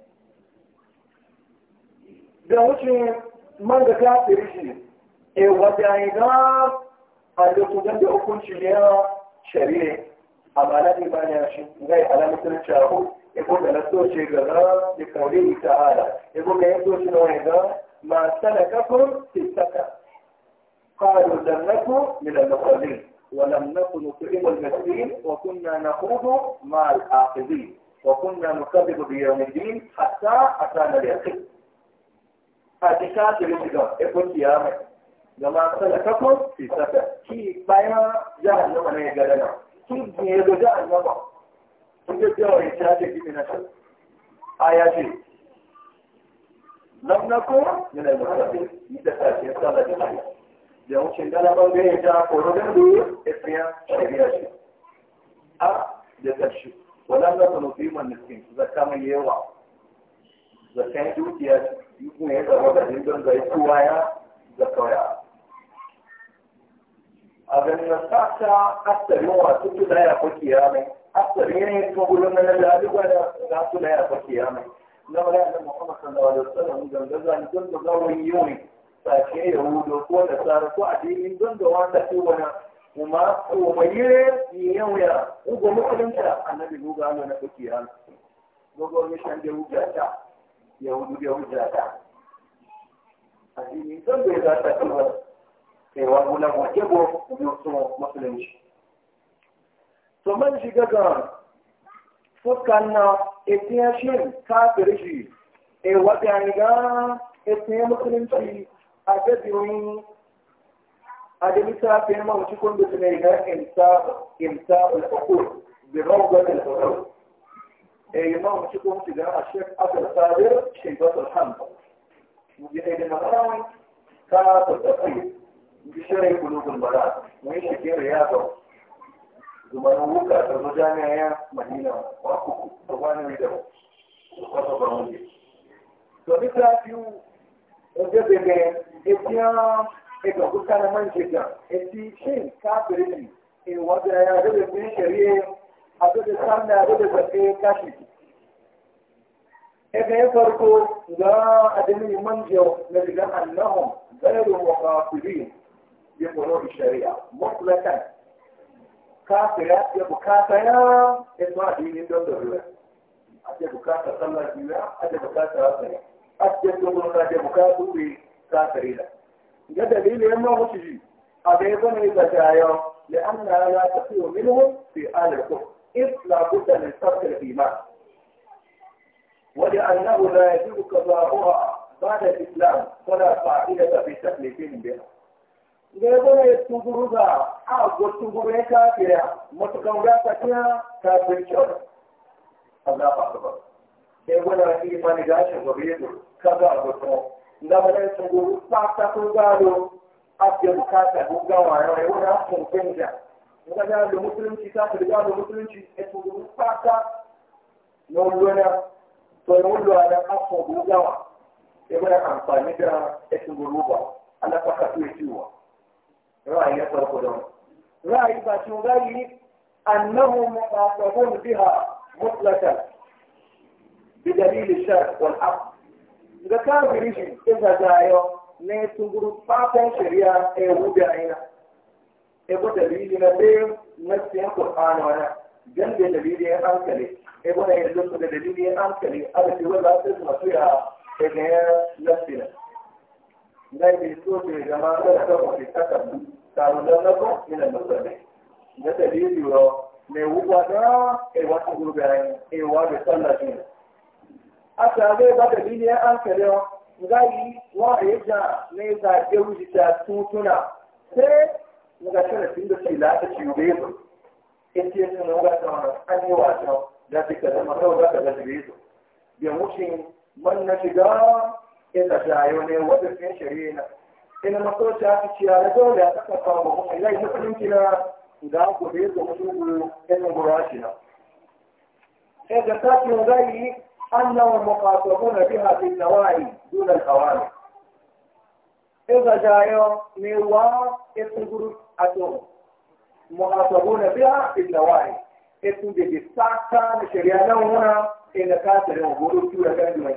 da wuce man da kafiri shi e wata idan a lokutan da hukunci ne shari'a amma na ibana shi zai alamutar shahu يقول أنا سوشي غدا لقوله تعالى يقول أنا سوشي غدا ما سلككم في السكر قالوا لم نكن من المقربين ولم نكن نطعم المسكين وكنا نخوض مع الآخذين وكنا نكذب بيوم الدين حتى أتانا اليقين هذه كانت الانتقام يقول قيامة لما سلككم في سكر كي بيان جهنم أنا لنا كي يدو جهنم kutetea wahitaji kibinafsi aya hii lam nakun min al-mukarrabin mtafati da jamii ya uchingala bange ya korogendu ifia sheria shi a da tashi wala na kuno fi man miskin zakka mai yawa zakka ya dukiya yuko ya da wata dindon da ya zakka ya a ganin sa ta asali wa tutu da ya kuki ya أكثر يعني إيه يقولون من ذلك ولا ذات لا يفكر يعني لو لا أن محمد صلى الله عليه وسلم من ذلك أن كنت ضويوني فكي يهود وقوة سارة عدي من ذنب وانا تيوانا وما ومير يويا وقو مقلم شاء النبي هو قال أنا فكر يعني وقو مش عندي وجاتا يهود يهود جاتا عدي من ذنب ذات تيوانا سيوان ولا وجبه ويوصوا مسلمش to man shiga ga fuskan na etiyan shin kafir shi e wata ni ga etiyan musulunci a gajiyoyin a da lissafin mawuci kundu su ne ga imsa ulfakur bi rawgat ulfakur e yi mawuci kundu ga a shek asal sabir shimbat alhamd mujahidin makarawai ka tattafi بشرع قلوب البلاد وإيش كثير رياضة tumanuka atazojanya ya manina wakuku tobani widawo okoto bamuye tobikatiyu ojebebe etya ekakukana manjega eti shin kafiriti ewabira ya adebe kuri shariye adebe sanna adebe zake kashi ebe ya farko ga adami manjo na diga annahum gairu muqafirin bi qulubi shari'a mutlaqan kafira ya bukata ya ita addini don darura aje bukata sallah jiya aje bukata rasari aje dogon aje bukata uri kafiri da ga dalilin yamma mutu ji a ga yi bane da jayo da an na ya tafi wa minhu fi alikun if la buta min sarkar iman wani annahu la yajibu qada'uha ba'da islam fala fa'idata fi taklifin biha gaba tunguru da a go tunguru ya kafira matukan ga tafiya kafin kyau Allah ba ba sai rafi ga ne ga a da ba ya tunguru ba ta gado a ke bukata ko ya sun ga da musulunci ta da musulunci tunguru ba ta to gawa Ya amfani da ya tunguru ba Allah ka ka ciwa. ra'ayi na farko don ra'ayi ba cin ra'ayi annahu muqatabun biha mutlaqan bi dalil shar wal aql ga kafiri shi in ga zayo ne tunguru fatan shari'a e wuda ina e ko dalili na be na cikin qur'ani wana dan da dalili ya hankali e ko da yanzu da dalili ya hankali a da cewa za su masu ya e ne lafiya نبي سوء so ke في da قالوا لنكم من المسلمين نتبيل يرى نوبة دا ايوا تقول بهاي ايوا بسلا جين أتابع بدليل أنكره ngai wa eja ne za ke wuce ta tutuna sai muga tana tun da shi lata ci ube su in ce sun muga tana an yi wasa da ta kaza maka da kaza ube su bi mushin man na shiga ita shayo ne wadda sun shirye na ina maso a fi na dole a tsaka kawo kuma ilai musulunci na da ku da yadda musulunci ina gurashi na sai da sakin zai annahum muqatabuna biha fi nawahi dun al-awamir إذا جاءوا نوا إتنقر أتوم مخاطبون بها في النواهي إتنقر بساعة شريانا هنا إن كاتل وغلوب كورا كان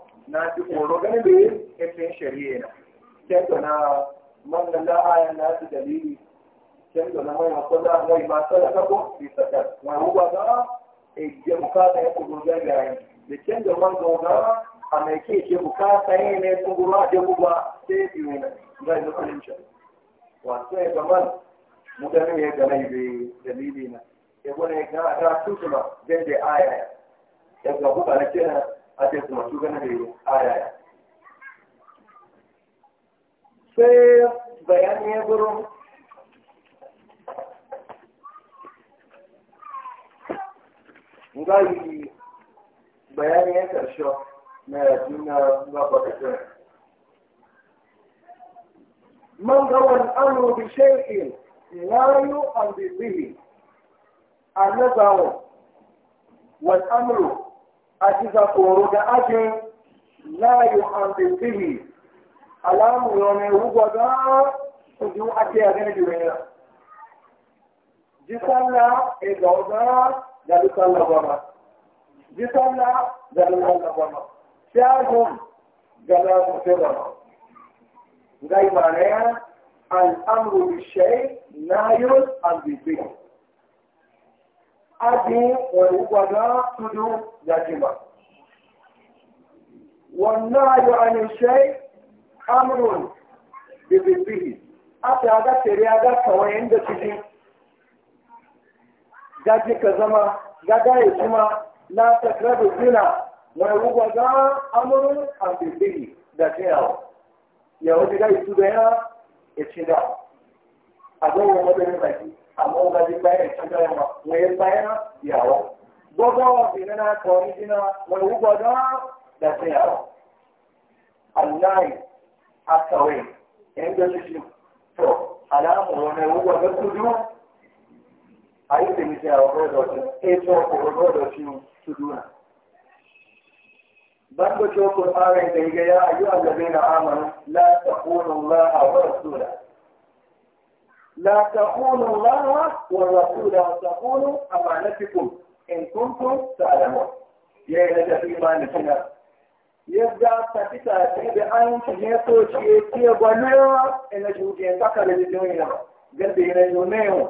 na ji tsoro ganin da yin ƙarfin shari'a na kyan na man da la'ayan na su dalili kyan na mai makwada mai masu da kako bi sakar na ruba ga e je bukata ya kudu gaggayen da kyan da man gauga a mai ke je bukata ya ne sun a je guba sai biyu na ga yi nufin shi wasu ya ga man mutane ya ga mai bai dalili na ya gwada ya ga a ta tutuma zai da aya ya ga buka na kenan ake kuma su gane da aya sai bayani ya gurin ngayi bayani ya karshe na yadda na bakatun من روى الأمر بشيء لا يؤمن به النظر والأمر àtìgbà kòòrò da ájẹ́ láàyò àǹdẹ̀síhì aláàmùrọ̀mẹ̀ wúgbọ̀ dáa ojú ájẹ́ àrẹ́jù rẹ̀ jísánlá ẹ̀dà ọ̀dá dàlúkàlàbọ̀mà jísánlá dàlúkàlàbọ̀mà ṣáàgùn dàlúkàlàbọ̀mà gáìmà rẹ̀ al'amuru ṣe náà yóò àǹdẹ̀síhì abin wani gwada tudu ya jima. Wannan yi anin shai amrun da bibihi, aka aga tere aga kawayen da ciki, gaji ka zama, gaga ya kuma na takrabu zina wani gwada amrun a bibihi da jiyawa. Yawon da ga isu da yana ya ci da, a zai wani mai baki. àmọ́ ọba ti báyìí ìtọ́jú ẹ̀wọ̀n wọ́n yẹ báyìí náà yàwó. gbogbo obìnrin náà kọ ní sínú wọn ìwú gbọdọ̀ dàtí yàwó. aláì àtàwé ẹgbẹ́ ṣíṣe tó aláàmúrọ̀ náà ìwú gbọdọ̀ tuntun. ayé tèmi ti àwọn gbọdọ̀ tó ètò ọkọ̀ gbọdọ̀ tuntun náà. بنبت القرآن إليك يا أيها الذين لا تخونوا الله والرسول وتخونوا أمانتكم إن كنتم تعلمون يا إلى تقريبا نحن يبدأ تفتح بأن تنسوا شيء يقولوا إن جوجين تقل للدنيا قلبي إلى يوميهم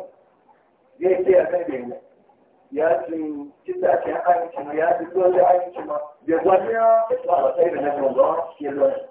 يأتي أبنين يا سيدي تفتح أن تنسوا يا سيدي أن تنسوا يقولوا إطلاع سيدنا الله يلوه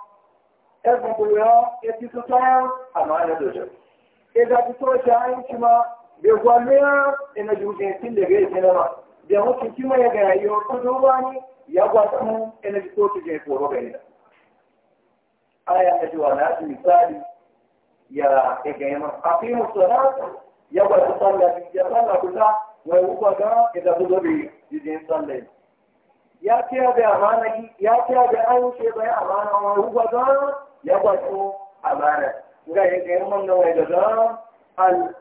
ẹgbùn kò yọ etí tuntun àmọ́ ẹni tó Ìgbà tí tó ṣe ayé ti ma bai gwale ina jujin da gai ina ma. kima ya gaya yi wa kudu wani ya gwata mu ina ji ko tuje koro gai da. Aya ta na ji misali ya gaya ma. A fi musala ya gwata sallah ya sallah kusa wai uba ga idan ku zobe jujin sallah. Ya ce amana ya ce da an ce bai amana wai uba ya kwato a bara ga ya ga yamman na wai daga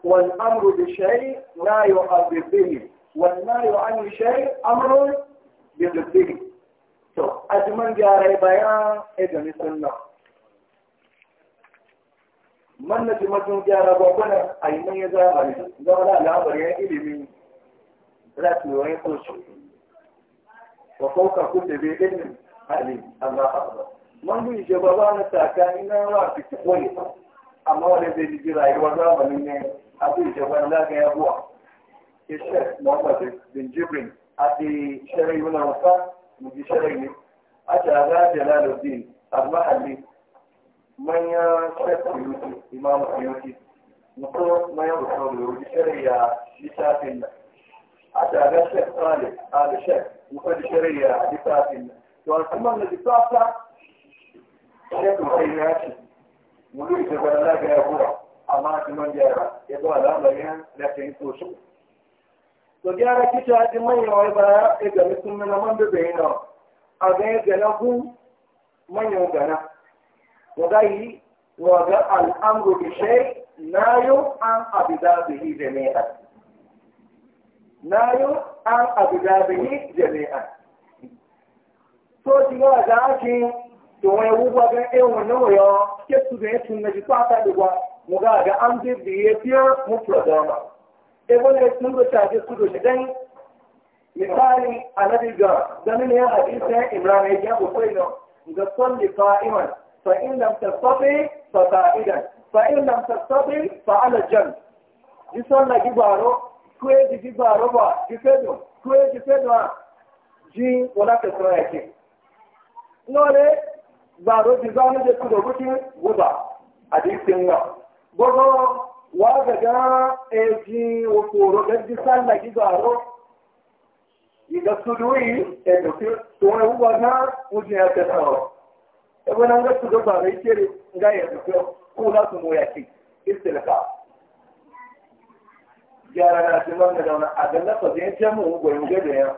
wal amru bi shay la yu'adhib bihi wal nahyu an shay amru bi dhibbihi to ajman gyara bayan idan sunna man na jimatun gyara ba kuna a yi manya zamani zama da al'amarin a rasuwa ya sosu wa fauka kulle bai ilimin hali Allah akbar man bi shugaba ba na tsakani na wa fiti kwai amma wanda zai ji rayuwar zamanin ne a bi shugaba za ka yi buwa ke shek muhammad bin jibrin a ti shirai wani wasa mu ji shirai ne a tara jalaluddin al-mahalli manyan shek kuyuti imamu kuyuti mutum manyan rusau da wuri shirai ya littafin nan a tara shek salih al-shek mutum shirai ya littafin nan to a kuma na littafin sai ku sai ya ce wani da ba ga ya amma shi man gyara ya zo al'amarin da ta yi to gyara a cikin manyan wai ba ya gami sun nuna man da zai yana a ga ya ku manyan gana wa ga yi wa ga al'amru bi shay nayo an jami'a nayo an abida bihi jami'a so shi ga ga to wani abubuwa ga ɗaya wannan waya ke su da ya tunna ji ko aka duba mu ga ga an bi behavior mu programa e wanda sun da tafi su da shigan misali annabi ga ganin ya hadisi ya imran ya ga ko ga son li qa'iman fa in lam tastati fa qa'idan fa in lam tastati fa ala jan ji son na gibaro ko e ji gibaro ba ji fedo ko e ji fedo ji wala ka nore zaro ji zanu da kuda guki guba a cikin wa gogo wa daga eji wa koro e da ji salla gi zaro iga sudui e do ki to ne uwa na uji ya ta tawo ebe bona ga kudo ba rai kere ga ya ko ko na su moya ki istilfa yara na jiman da na a ga na fazin jamu goyin gaba ya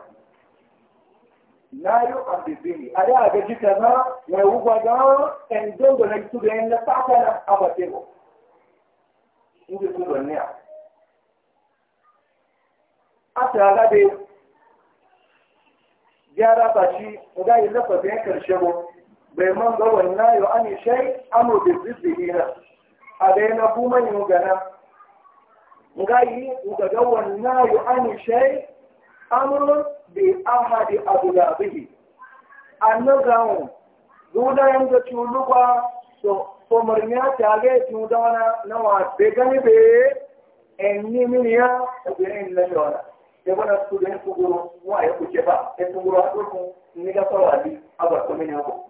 nayo ambibini ale agajitana wewugwaga endongo naitugenga paka na abatebo nje kudonea ata agade gyara bashi nga yi lafafin karshe bo bai man ga wannan yo an shai amru bi zibbihi na ade na kuma yin gana nga yi nga ga wannan yo an shai amru bi ahadi abulabihi annazahu zuda yanda culuba so somarniya tage cuda wana na nawa be gani be e ni miniya obere inna yona de wana student kuguru wa ya kuce ba ya e kuguru atuku ni ga a aba to miniya ko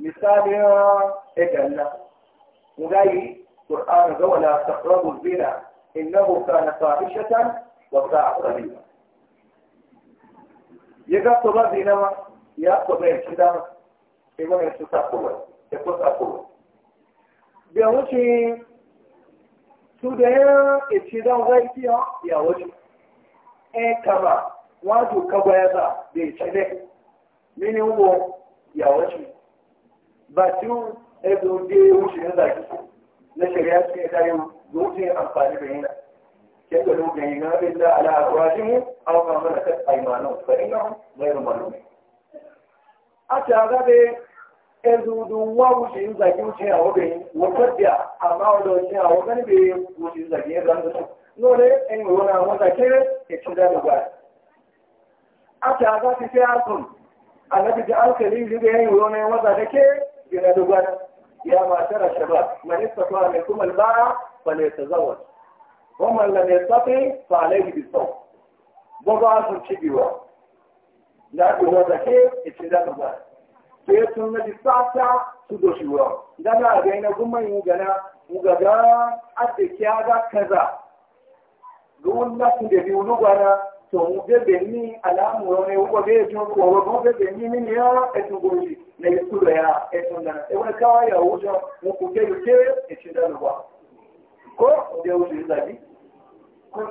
misali e ganna mugayi qur'an ga wala taqrabu zina innahu kana fahishatan wa sa'a sabila ya ga to ba zina nama, ya ko bai ci dama sai ba ya tuka ko ba ya ko ta ko da wuce su da ya ci dan wai ki ya wuce e kaba wato kaba ya za bai ci ne mini wo ya wuce ba tu e do de wuce ya zaki na shari'a ce da yau wuce amfani da yana ke da lokacin na bin da ala azwajihim أو ما ملكت أيمانهم فإنهم غير ملومين أتعرف ya wá wùsì ń zàkí wùsì àwọn obìnrin wọ́n fẹ́bíà àmà ọ̀dọ̀ sí àwọn kan níbi wùsì zàkí ẹ̀dùn àdúgbò lórí ẹ̀yìn òun àwọn zàkéré ètùdá gbogbo rẹ̀. àti àgbà ti fẹ́ àgùn àlẹ́bìtì na ìlú ẹ̀yìn òun ni wọ́n zàkéré ìrìn àdúgbò rẹ̀. ìyá máa tẹ́ra ne mẹ́ni zawar. àmì kúmọ̀lì bára fi ìtẹ̀záwọ̀ wọ́n mọ̀ maza sun ci biyuwa da ku wata ke ita da maza sai sun na disata su doshi wa da na ga ina gumman yi gana muga ga ake kyaga kaza ga wannan ku da biyu lugara to mu ga benni alamu ne ko ga jin ko ko ga benni min ya e goji ne su da ya e tun da e wani kawai ya wuce mu ku ke ke ita da ko da wuce zabi a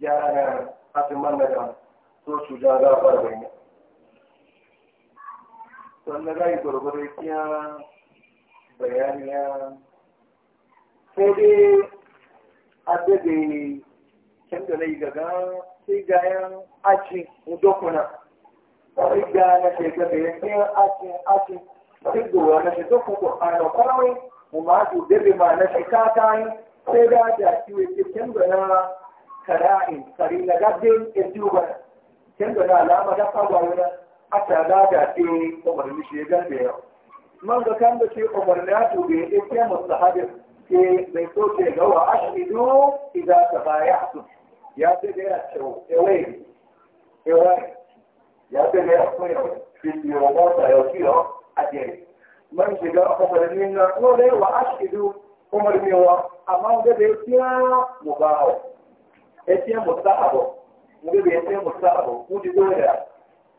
Ya ya ya, hafi man da kan so shuja za a fara bayyana. sannan za yi gwargwarkiya bayaniya sai dai adade can da lai gaga sai gayan aci dokuna sai ga na shekar da yankin aci aci sai gowa na shekar kuku a na kwanwai mu ma su bebe ma na shi ta yi sai ga da kiwe ke can da na kara'in kari na gajen ya ciwo ba can da na alama da fagwa wani aka lada ce umarni shi ya da yau man ga kan da ce umarni ya tube ya ce masu hadin ke mai so ce ga wa ashidu idan ta baya su ya ce da ya ce ewai ewai ya ce da ya kuma fi yi wa mota ya a jere man shiga umarni na nole wa ashidu umarni wa amma ga da ya ce mu ba hau ya ce mu sa abu mu ga da ya ce mu sa abu mu ji dole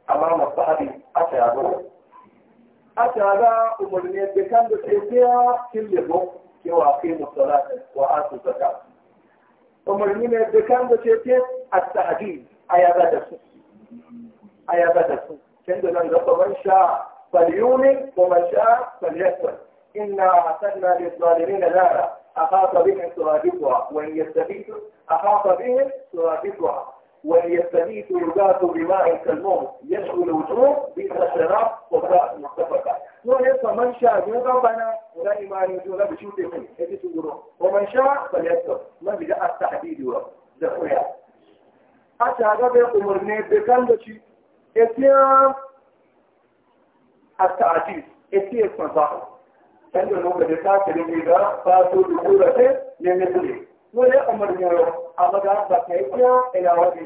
أمام الصحابي أتى أبوه أتى أبا أمر يدكان بسيطيا كل يبوه كيو أقيم الصلاة وآتوا الزكاة أم أمر يدكان بسيطيا التعديل أيا بدس أيا بدس كندو ننزل من شاء فليؤمن ومن شاء فليكفر إنا أعتدنا للظالمين نارا أحاط بهم سرادقها وإن يستفيدوا أحاط بهم سرادقها وليستميت الذات بماء كالموم يشغل الوجوه بالحشرات وباء مختفقة ويسا من شاء يوغا بنا ولا ما يجونا بشوت من هذه سورة ومن شاء فليسر من بجاء التحديد وزخويا أشهد بأمرنا بكالوشي إتيان التعجيز إتيان الصنصار كان يقول لك كاتب إذا فاتوا بقولة من مثله lórí ọmọdé rọ àmọ́dá àgbàkẹ́ ẹgbẹ́ ẹ̀yàwó di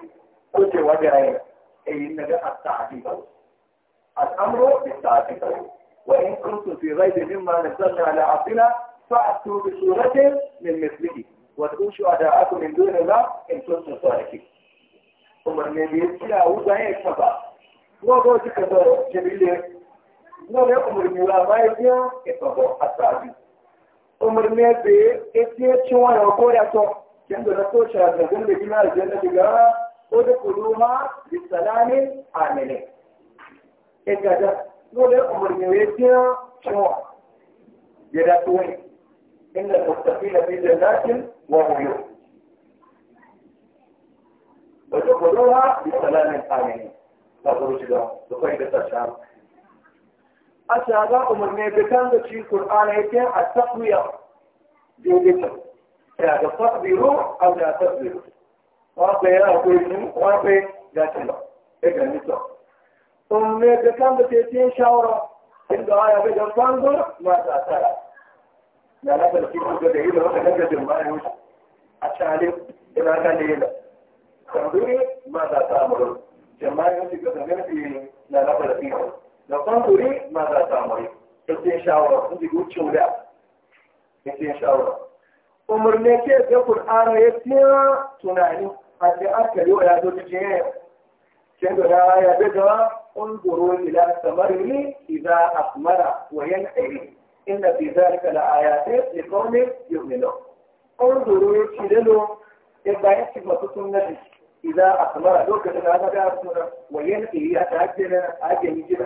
ó ṣe wájú ayẹ èyí nàgẹ́ àtàdìbò àtàmúrò ìtàdìbò wọ́n ń kún tó rẹ́ ìdèmí máa nà sọ́nà àlẹ́ àfínà fáàtú bìṣù rẹ́tẹ́ ní mẹ́sìlì wọ́n ti ń ṣe àdá akọni lórí rà ẹ̀tọ́ tó sọ àkì. ọmọdé mi ti àwùjọ wọ́n bọ́ ti umarni da ya ce cewa eh, ya koya to kin da so shi da gun da kina da janna diga ko da kuluma bi salamin amene e ga da dole umarni ya ce cewa ya da to ne inda mustaqila bi jannatin wa huyu wa da kuluma bi salamin amene da ko shi da ko da tsara a shaga umarni fitan da shi Kur'ana ya ce a tafiya daidaita. Ya ga fasbiro a da fasbiro. Wafe ya akwai shi wafe ya ce ba. Ya ga nisa. Umarni fitan da ke cikin shawara inda ya ga jamfan ma ta asara. Ya na karfi kuka da ilo wata gajajin bayan wuce. A shale, ina ka ne yana. Kanduri masu asara murin. Jama'in wuce ga zagafi na na karfi na ne ma za ta mai cikin shawara sun ji wucin da cikin shawara umarni ke ga Kur'ana ya fiya tunani a ce aka yi wa ya zo cikin yaya ke da na ya da unzuru ila samarini idza asmara wa iri inna fi zalika la ayatin li qaumin yu'minun unzuru ya ci dalo ya bayan ci masu sunnati idza asmara lokacin da aka ga suna. wa iri ya ta ajjira ajjira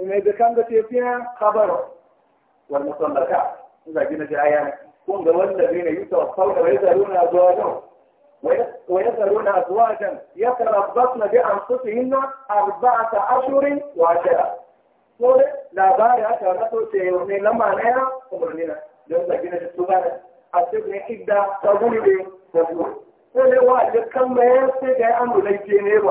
إن إذا كان قتل فيها خبره والمطلقات إذا جينا جايان كن والذين يتوفون ويذرون أزواجهم ويذرون أزواجا يتربصن بأنفسهن أربعة أشهر وعشرة سورة لا بارع كانت سيوني لما نيا أمرنا لأن جينا جسوبانا أسيبني إدى تقولي بي تقول سورة واجب كم يسيجي أمر ليجيني بي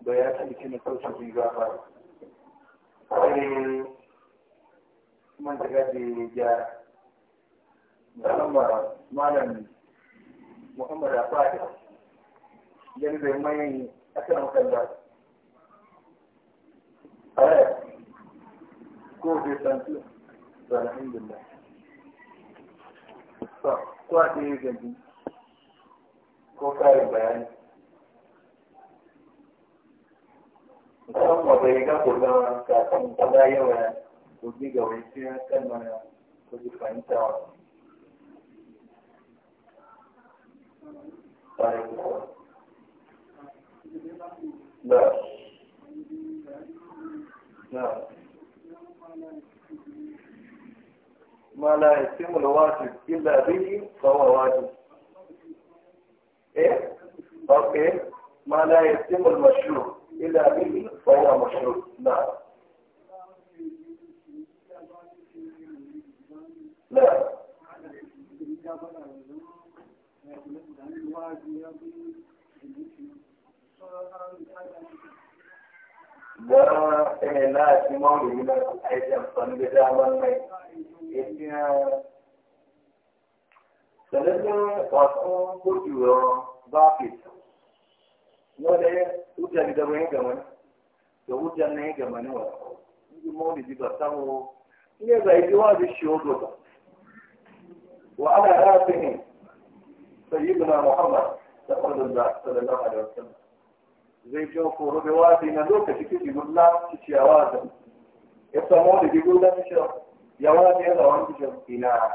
da ya ta cikin sautin jin gafa sai man ta da ya musamman malam muhammad afadi yan zai mai a kan kalla ko bai santu da alhamdulillah ko a ɗaya gaji ko kayan bayani musamman bai ga gobe kafin kuma yawa gobe ga wai ya kan mana kuji fahimta wa. Da. Da. ما لا يتم الواجب إلا به فهو واجب. إيه؟ أوكي. ما لا يتم المشروع إلا به فهو مشروع نعم لا لا إيه، لا لا لا لا لا لا لا لا لا لا لا wale hujja ni gama ga wani to hujja ne ga mani wa ni mo ni diba samu ne za yi wa bi shi odo wa ala rafihi sayyidina muhammad sallallahu alaihi wasallam zai jo ko robe wa bi na lokaci kike gulla kici yawa da ya samu da gulla kici yawa da yawa wani kici ina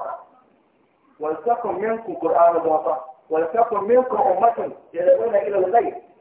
ولتكن منكم قرآن ضعفا ولتكن منكم أمة يدعون إلى الخير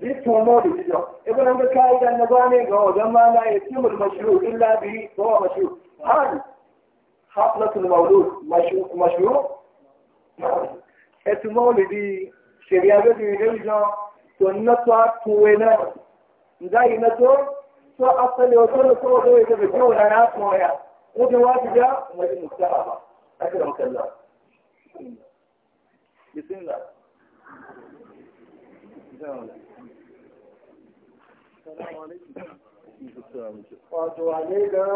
zikin mawar kayi da na zane ga wajen mana ya ci mul mashru illa bi kowa mashru har haflatul mawlu mashru etu mawli di shari'a ga di religion to na to ku wena ndai na to to asali wa sunna ko ka ya ga jiyo na na ko ya ko da wasu ga mai mustafa akira mukalla bismillah wato a ne ga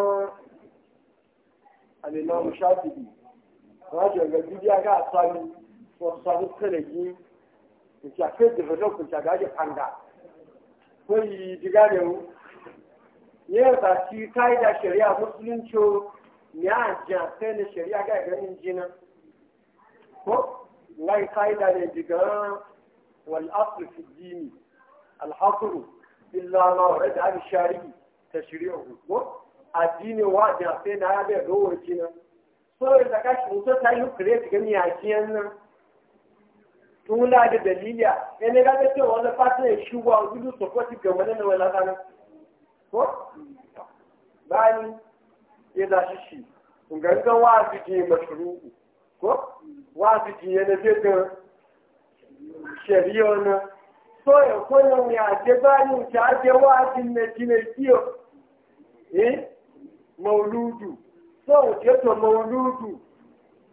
alimamu shafi'i wajen ga bidiya ga sami wasu sami tsanaki da shafi da fashe ku shaga ake fanga ko yi diga da yau yin zaci ka'ida shari'a musulunci ne a jafe na shari'a ga ganin jina ko ngai ka'ida ne diga والأصل في الدين الحصر إلا ما ورد عن الشارعي تشريعه الدين واجه فين هذا هو الجنة سوى إذا كاش موسى تايو كريت كمي عشيانا تولا هذا دليل يعني انا هذا تيو والا فاتنا يشوى ويلو صفوتي كمانا ولا غانا هو بعني إذا ششي ونغنقا واجه جنة مشروع هو واجه جنة زيتنا shari ona so eh? ya kone mu ya je bani ta ake wajin na jine kiyo eh mauludu so je to mauludu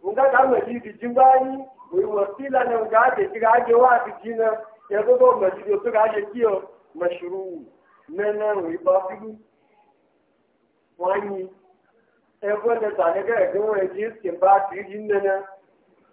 nga ka majidi jimbani oyi wasila na nga ake kira ake wajin jina ya gogo majidi to ka ake kiyo mashuru nana oyi ba fidu wani ebe da tsanaka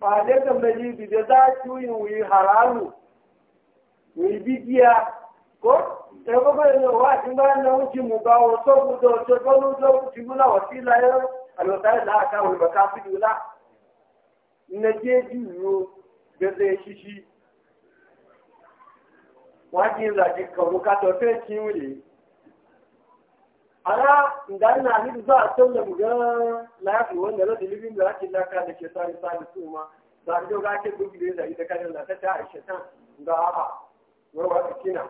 pàdé kàmẹ́lì bìbẹ́ bá tú ìwé haramu ìwé bíbíà kó ẹ̀kọ́ bẹ́ẹ̀ wa wà tí bá ń náwó ti mú bá wọn tó gbọdọ̀ tó gbọdọ̀ tó ti mú láwọ̀ sí ilá yẹn àlọ́tà ìlà àtàwọn ìbọn ká shishi ńlá nnẹ́jẹ́ dùrú gẹ́gẹ́ ara Nga na ni za a tun da ga lafi wanda na dalilin da ake laka da ke sani sani su ma ba da ga ke duk da zai da kan da ta ta aisha tan ga a wa wa kina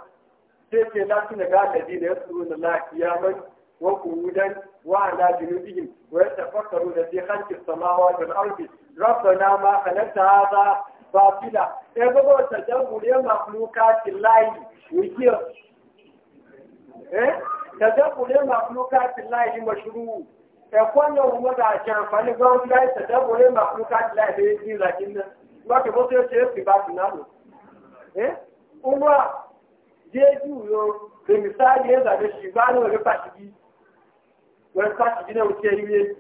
sai ke lafi da ga da dina su na lafiya man wa kudan wa ala junubihim wa yatafakkaru da fi khalqi samawati wal ardi rabbana ma khalaqta hadha batila e ba ba ta jaburiya makhluqati lahi wikiyo eh tadabbure makhluqatil lahi mashru e kwanya umma da jan fani ga wanda ya tadabbure makhluqatil lahi da yin lakin nan ba ta boso ce fi ba tunano eh umma jeju yo da misali ya zabe shi ba ne wani fashigi wani fashigi ne wuce yi ne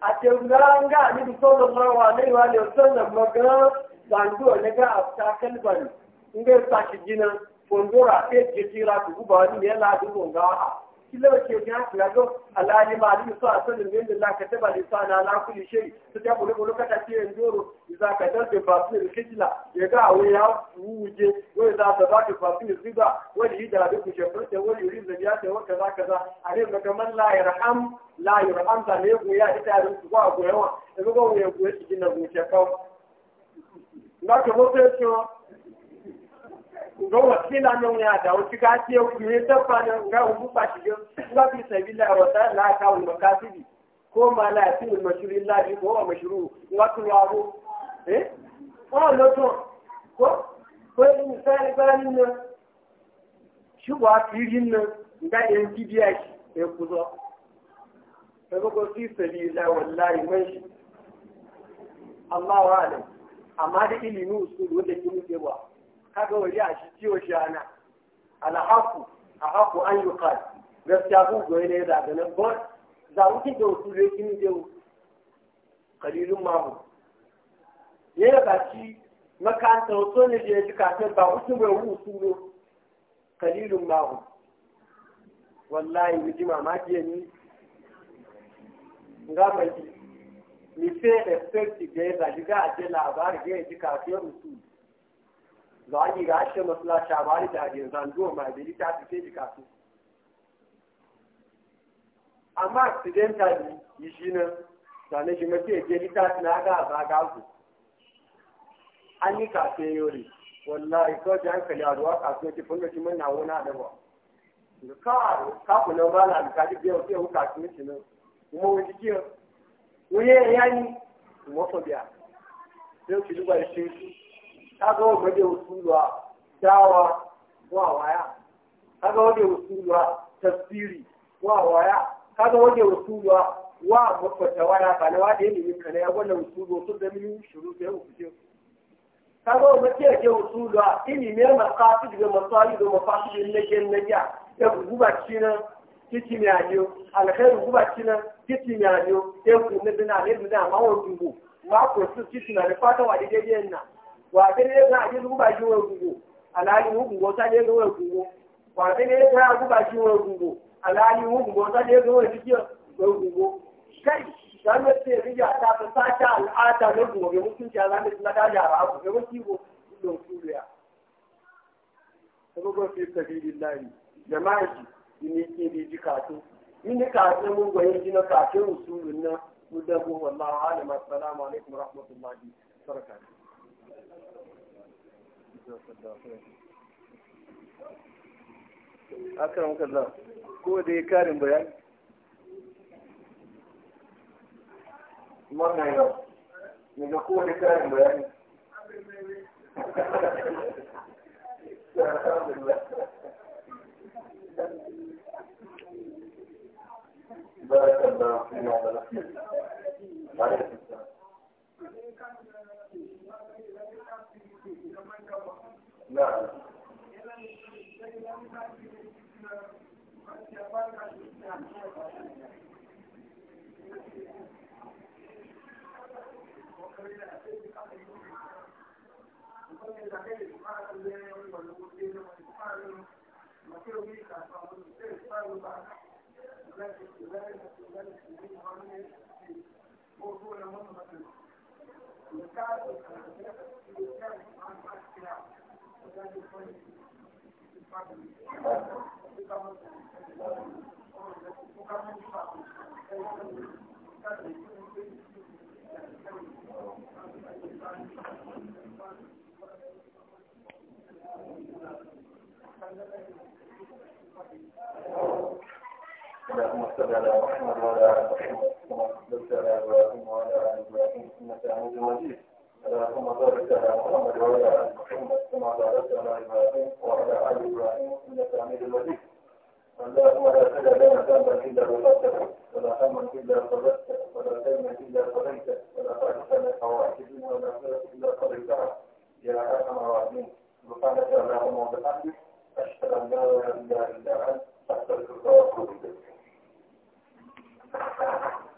a ce ranga ni da sauran mawa ne wa ne sannan magana zanduwa na ga afta kalban in ga fashigi nan kondora ke jikira ku guba wani ne ya ladu gongawa kila ke ga lago alani ma ni so asalin min da laka ta bali sa na la kulli shay to ta bulu bulu kata ce ndoro iza ka da ba basu kidla ya ga awe ya wuje ko iza da ba ta basu riba wani da da ku shefar ta wani rin da ya ta wa kaza kaza ale ma kaman la yarham la yarham da ne ku ya ita da ku wa yawa da go ya shi na go shefa na ka mo sai nga wasila nyonya da utika tie kuita pana nga ubupa tijo nga bisa bila rota la ka un makasibi ko mala ti un mashuru la di ko mashuru nga tuwabu eh ona loto ko ko ni misali bani ne shubwa tirin ne nga en kidiya shi e kuzo e ko fi sabila wallahi man shi Allahu alam amma da ilimin usul wanda ke muke ba kaga waje a shi ciwo shi ana alhaku a haku an yi kwa gaskiya kun goyi ne da ganin bon za mu da wasu da kin kalilun mamu ne da ba ci makanta wato ne da ya ji kafin ba wasu bai wu suno kalilun mamu wallahi mu ji mamaki ne nga mai ni fe expect ga ya ga ji labari ga ya ji kafin rusu zagi ga a masala shabari da hadin zanduwa ma da ta fi sai jika amma accidentally yi na na sannan shi mace ke na ba ga ku an yi kafe yori wallahi ko ji hankali a ruwa kasuwa ki funga shi na wona da ba ka ka ku nan ba na ka kuma wani kiyo wuye yani bịa. kaga wa maje usulwa dawa wa waya kaga waje usulwa tafsiri wa waya kaga waje usulwa wa mafata waya ba na wada yin yin kana ya wannan usulwa sun da mini shuru da ku fice kaga wa maje ke usulwa ini ne maqasid da masalih da mafasid ne ke naja da guba cina titi ne ajo alkhairu guba cina titi ne ajo sai ku ne dana ne dana ma wa dubu ba ko su titi na da fata wa daidai na wàtí ní ẹgbẹ́ àti ìlú bàjú wọn gbogbo aláàlú gbogbo sáyé ló wọn gbogbo wàtí ní ẹgbẹ́ àti bàjú wọn gbogbo aláàlú ta sáyé ló wọn jíjẹ wọn gbogbo kai dan wasu ya rija ta fi sata al'ada na gobe mutunci a zanen na daji a rabu ga wasu ibo don suriya sabon fi sabili lari jama'a ji ni ke bi ji to, ni ne kato mun gwayin ji na kato usulun na mu dabo wallahu alaikum rahmatullahi barakatuh akan mukalla ko da ya karin bayani mana yau ne ga ko da karin bayani بارك الله فيما ولكم نعم Thank you. اللهم صل على محمد وعلى آل محمد وعلى آل إبراهيم إنك حميد مجيد اللهم بارك على محمد وعلى ال محمد كما باركت على ابراهيم وعلى ال ابراهيم انك حميد مجيد اللهم لا تدع لنا ذنبا الا غفرته ولا هما الا فرجته ولا دينا الا قضيته ولا حاجه من حوائج الدين ولا غيره الا قضيتها يا ارحم الراحمين سبحانك اللهم وبحمدك اشهد ان لا اله الا انت استغفرك واتوب اليك